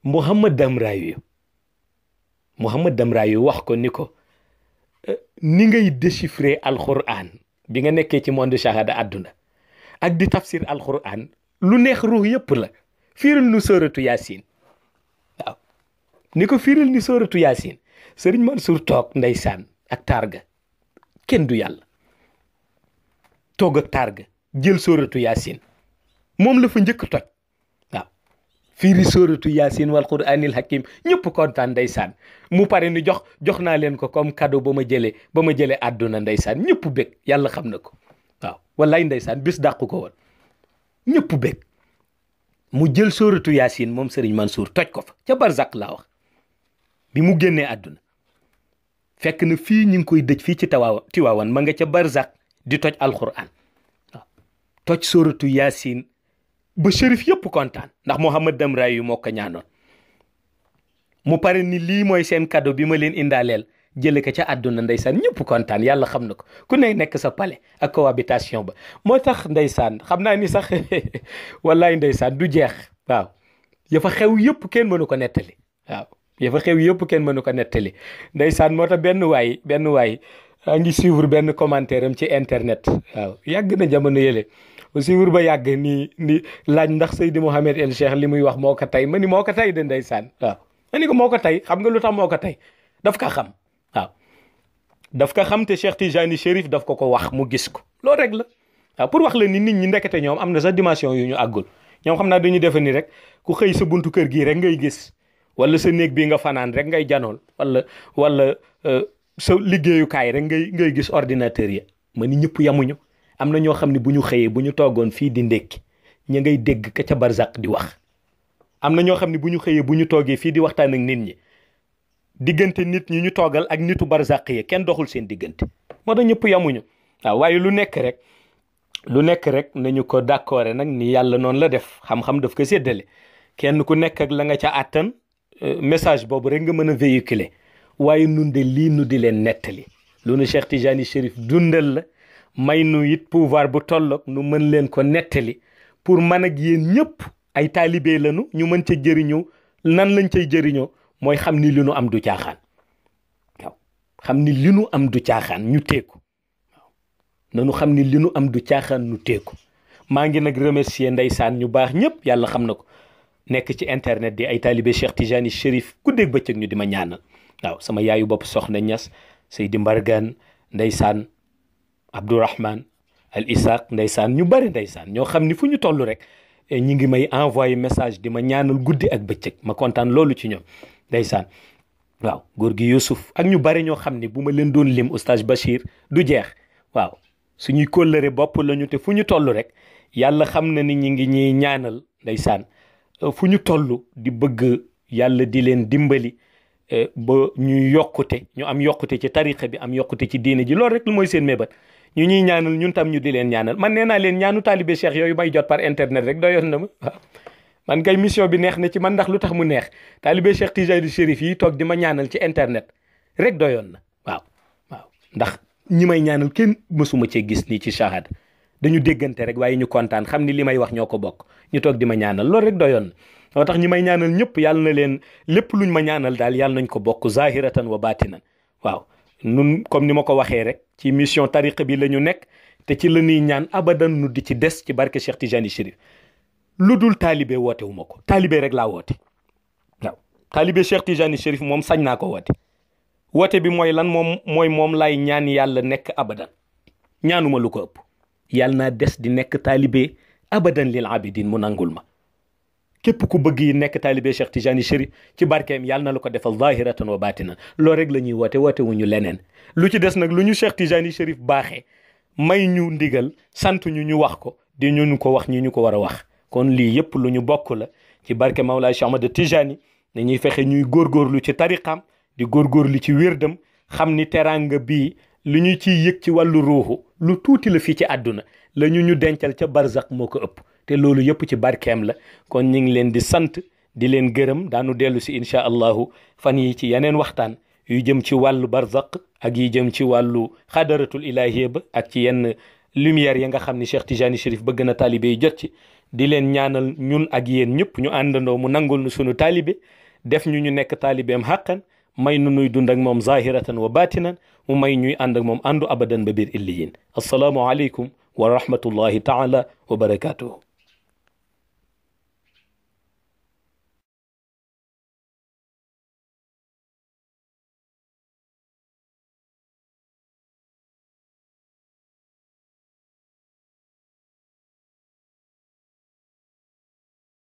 Mouhamad Damra yu Mouhamad Damra yu wax ko ni ko euh, ni ngay déchiffrer alxuraan bi nga nekkee ci monde shahada àdduna ak di tafsir alquran lu neex ruux yëpp la firil nu sóoratu yaasin waaw ni ko firil ni sóoratu yaasin sëriñ Mansour toog ndeysaan ak targa kenn du yàlla toog ak targa jël sóoratu yaasin moom la fa njëkk toj fiiri sóoratu yaasin wal quraanil hakim ñëpp kontaan ndeysaan mu pare nu jox jox naa leen ko comme cadeau ba ma jëlee ba ma jëlee àdduna ndeysaan ñëpp bég yàlla xam na ko waaw wallaay ndeysaan bis dàqu ko woon ñëpp bég mu jël sóoratu yaasin moom Serigne Mansour toj ko fa ca Barzak laa wax bi mu génnee àdduna fekk na fii ñu ngi koy dëj fii ci tawaawa Tiwaawan ma nga ca Barzak di toj alquran waaw toj sóoratu ba shérif yëpp kontaan ndax Mouhamad Deme Rayu moo ko ñaanoon mu pare ni lii mooy seen cadeau bi ma leen indaaleel jëlee ko ca àdduna ndeysaan ñëpp kontaan yàlla xam na ko ku ne nekk sa pale ak cohabitation ba moo tax ndeysaan xam naa ni sax wallaay ndeysaan du jeex waaw yafa xew yëpp kenn mënu ko nettali waaw yafa xew yëpp kenn mënu ko nettali ndeysaan moo tax benn waay benn waay a ngi benn commentaire am ci internet waaw yàgg na jamono yële. siiwur ba yàgg nii ni laaj ndax Seydi Mouhamed El Cheikh li muy wax moo ko tey ma ni moo ko tay de ndeysaan waaw ma moo ko tey xam nga lu tax ko tey daf ka xam waaw daf ka xam te Cheikh Tijani Chérif daf ko ko wax mu gis ko loolu rek la waaw pour wax la ni nit ñi ndekkete ñoom am na sa dimension yu ñu àggul ñoom xam naa dañuy defe nii rek ku xëy sa buntu kër gii rek ngay gis wala sa néeg bii nga fanaan rek ngay janool walla wala euh, sa liggéeyukaay rek ngay ngay gis ordinateur yi ma ni ñëpp yamuñu am na ñoo xam ne bu ñu xëyee bu ñu toogoon fii di ndékki ña ngay dégg ka ca barzak di wax am na ñoo xam ne bu ñu xëyee bu ñu toogee fii di waxtaan ak nit ñi diggante nit ñi ñu toogal ak nitu barzak yi kenn doxul seen diggante moo tax ñëpp yamuñu waaye lu nekk rek lu nekk rek nañu ko d'accord nag ni yàlla noonu la def xam-xam daf ko séddale kenn ku nekk ak la nga ca àttan euh, message boobu rek nga mën a véhiculer waaye nun de lii nu di leen nettali lu nu Cheikh dundal la may nu it pouvoir bu tollook nu mën leen ko nettali pour man ak yéen ñëpp ay taalibe lañu ñu mën ca jëriñoo nan lañ cay jëriñoo mooy xam ni li nu am du caaxaan waaw ni li nu am du caaxaan ñu teeku waaw nanu xam ni li nu am du caaxaan nu teeku maa ngi nag remercier ndeysaan ñu baax ñëpp yàlla xam na ko nekk ci internet di ay taalibe Cheikh ku Chérif ba bëccëg ñu di ma ñaanal waaw sama yaayu bopp soxna Niass Seydi Mbargane ndeysaan Abdourahman al Isaac ndeysaan ñu bari saan ñoo xam ni fu ñu toll rek eh, ñi ngi may envoyé message di ma ñaanal guddi ak bëccëg ma kontaan loolu ci ñoom ndeysaan waaw góor gi Youssouf ak ñu bari ñoo xam ne bu ma leen doon lim oustaz Bachir du jeex waaw suñuy kóllëre bopp lañu te fu ñu toll rek yàlla xam na ni ñi ngi ñuy ñaanal ndeysaan eh, fu ñu toll di bëgg yàlla di leen dimbali eh, ba ñuy yokkute ñu am yokkute ci tariqa bi am yokkute ci diine ji loolu rek lu seen mébat ñu ñuy ñaanal ñun tam ñu di leen ñaanal man nee naa leen ñaanu taalibe cheikh yooyu may jot par internet rek doyoon na man kay mission bi neex na ci man ndax lu tax mu neex taalibe cheikh Tijani Chérif yi toog di ma ñaanal ci internet rek doyoon na waaw waaw ndax ñi may ñaanal kenn mësuma cee gis nii ci shahada dañu déggante rek waaye ñu kontaan xam ni li may wax ñoo ko bokk ñu toog di ma ñaanal loolu rek doyoon na moo tax ñi may ñaanal ñëpp yàlla na leen lépp luñ ma ñaanal daal yàlla nañ ko bokk zahiratan wa batinan waaw nun comme ni ma ko waxee rek ci mission tariqa bi la ñu nekk te ci la ñuy ñaan abadan nu di ci des ci barke Cheikh Tijani Chérif lu dul taalibe woote wu ko taalibe rek laa woote waaw taalibe Cheikh Tijani Chérif moom sañ naa ko woote woote bi mooy lan moom mooy moom laay ñaan yàlla nekk abadan ñaanuma lu ko ëpp yàlla naa des di nekk taalibe abadan lil abidin mu nangul ma képp ku bëgg yi nekk taalibe Cheikh Tijani Chérif ci barkeem yàlla na la ko defal zahiratan wa baatinan loolu rek la ñuy woote woote ñu leneen lu ci des nag lu ñu Cheikh Tijani Chérif baaxee may ñu ndigal sant ñu ñu wax ko di ñu ko wax ñi ñu ko war a wax kon lii yëpp lu ñu bokk la ci barke Mawlaay Cheikh Ahmad Tijani ne ñuy fexe ñuy góorgóorlu ci tariqaam di góorgóorlu ci wérdam xam ni teraanga bii li ñu ci yëg ci wàllu ruuxu lu tuuti la fii ci àdduna la ñu dencal ca barzak moo ko ëpp te loolu yëpp ci barkeem la kon ñu ngi leen di sant di leen gërëm daanu dellu si incha allah fan yi ci yeneen waxtaan yu jëm ci wàllu barzaq ak yu jëm ci wàllu xadaratul ilahiya ba ak ci yenn lumière yi nga xam ni Cheikh Tijani Chérif bëgg na taalibe yi jot ci di leen ñaanal ñun ak yéen ñëpp ñu àndandoo mu nangul nu sunu taalibe def ñu ñu nekk taalibeem xàqan may nu nuy dund ak moom zahiratan wa batinan mu may ñuy ànd ak moom àndu abadan ba biir illiyin assalaamu aleykum wa rahmatullahi taala wa barakatuhu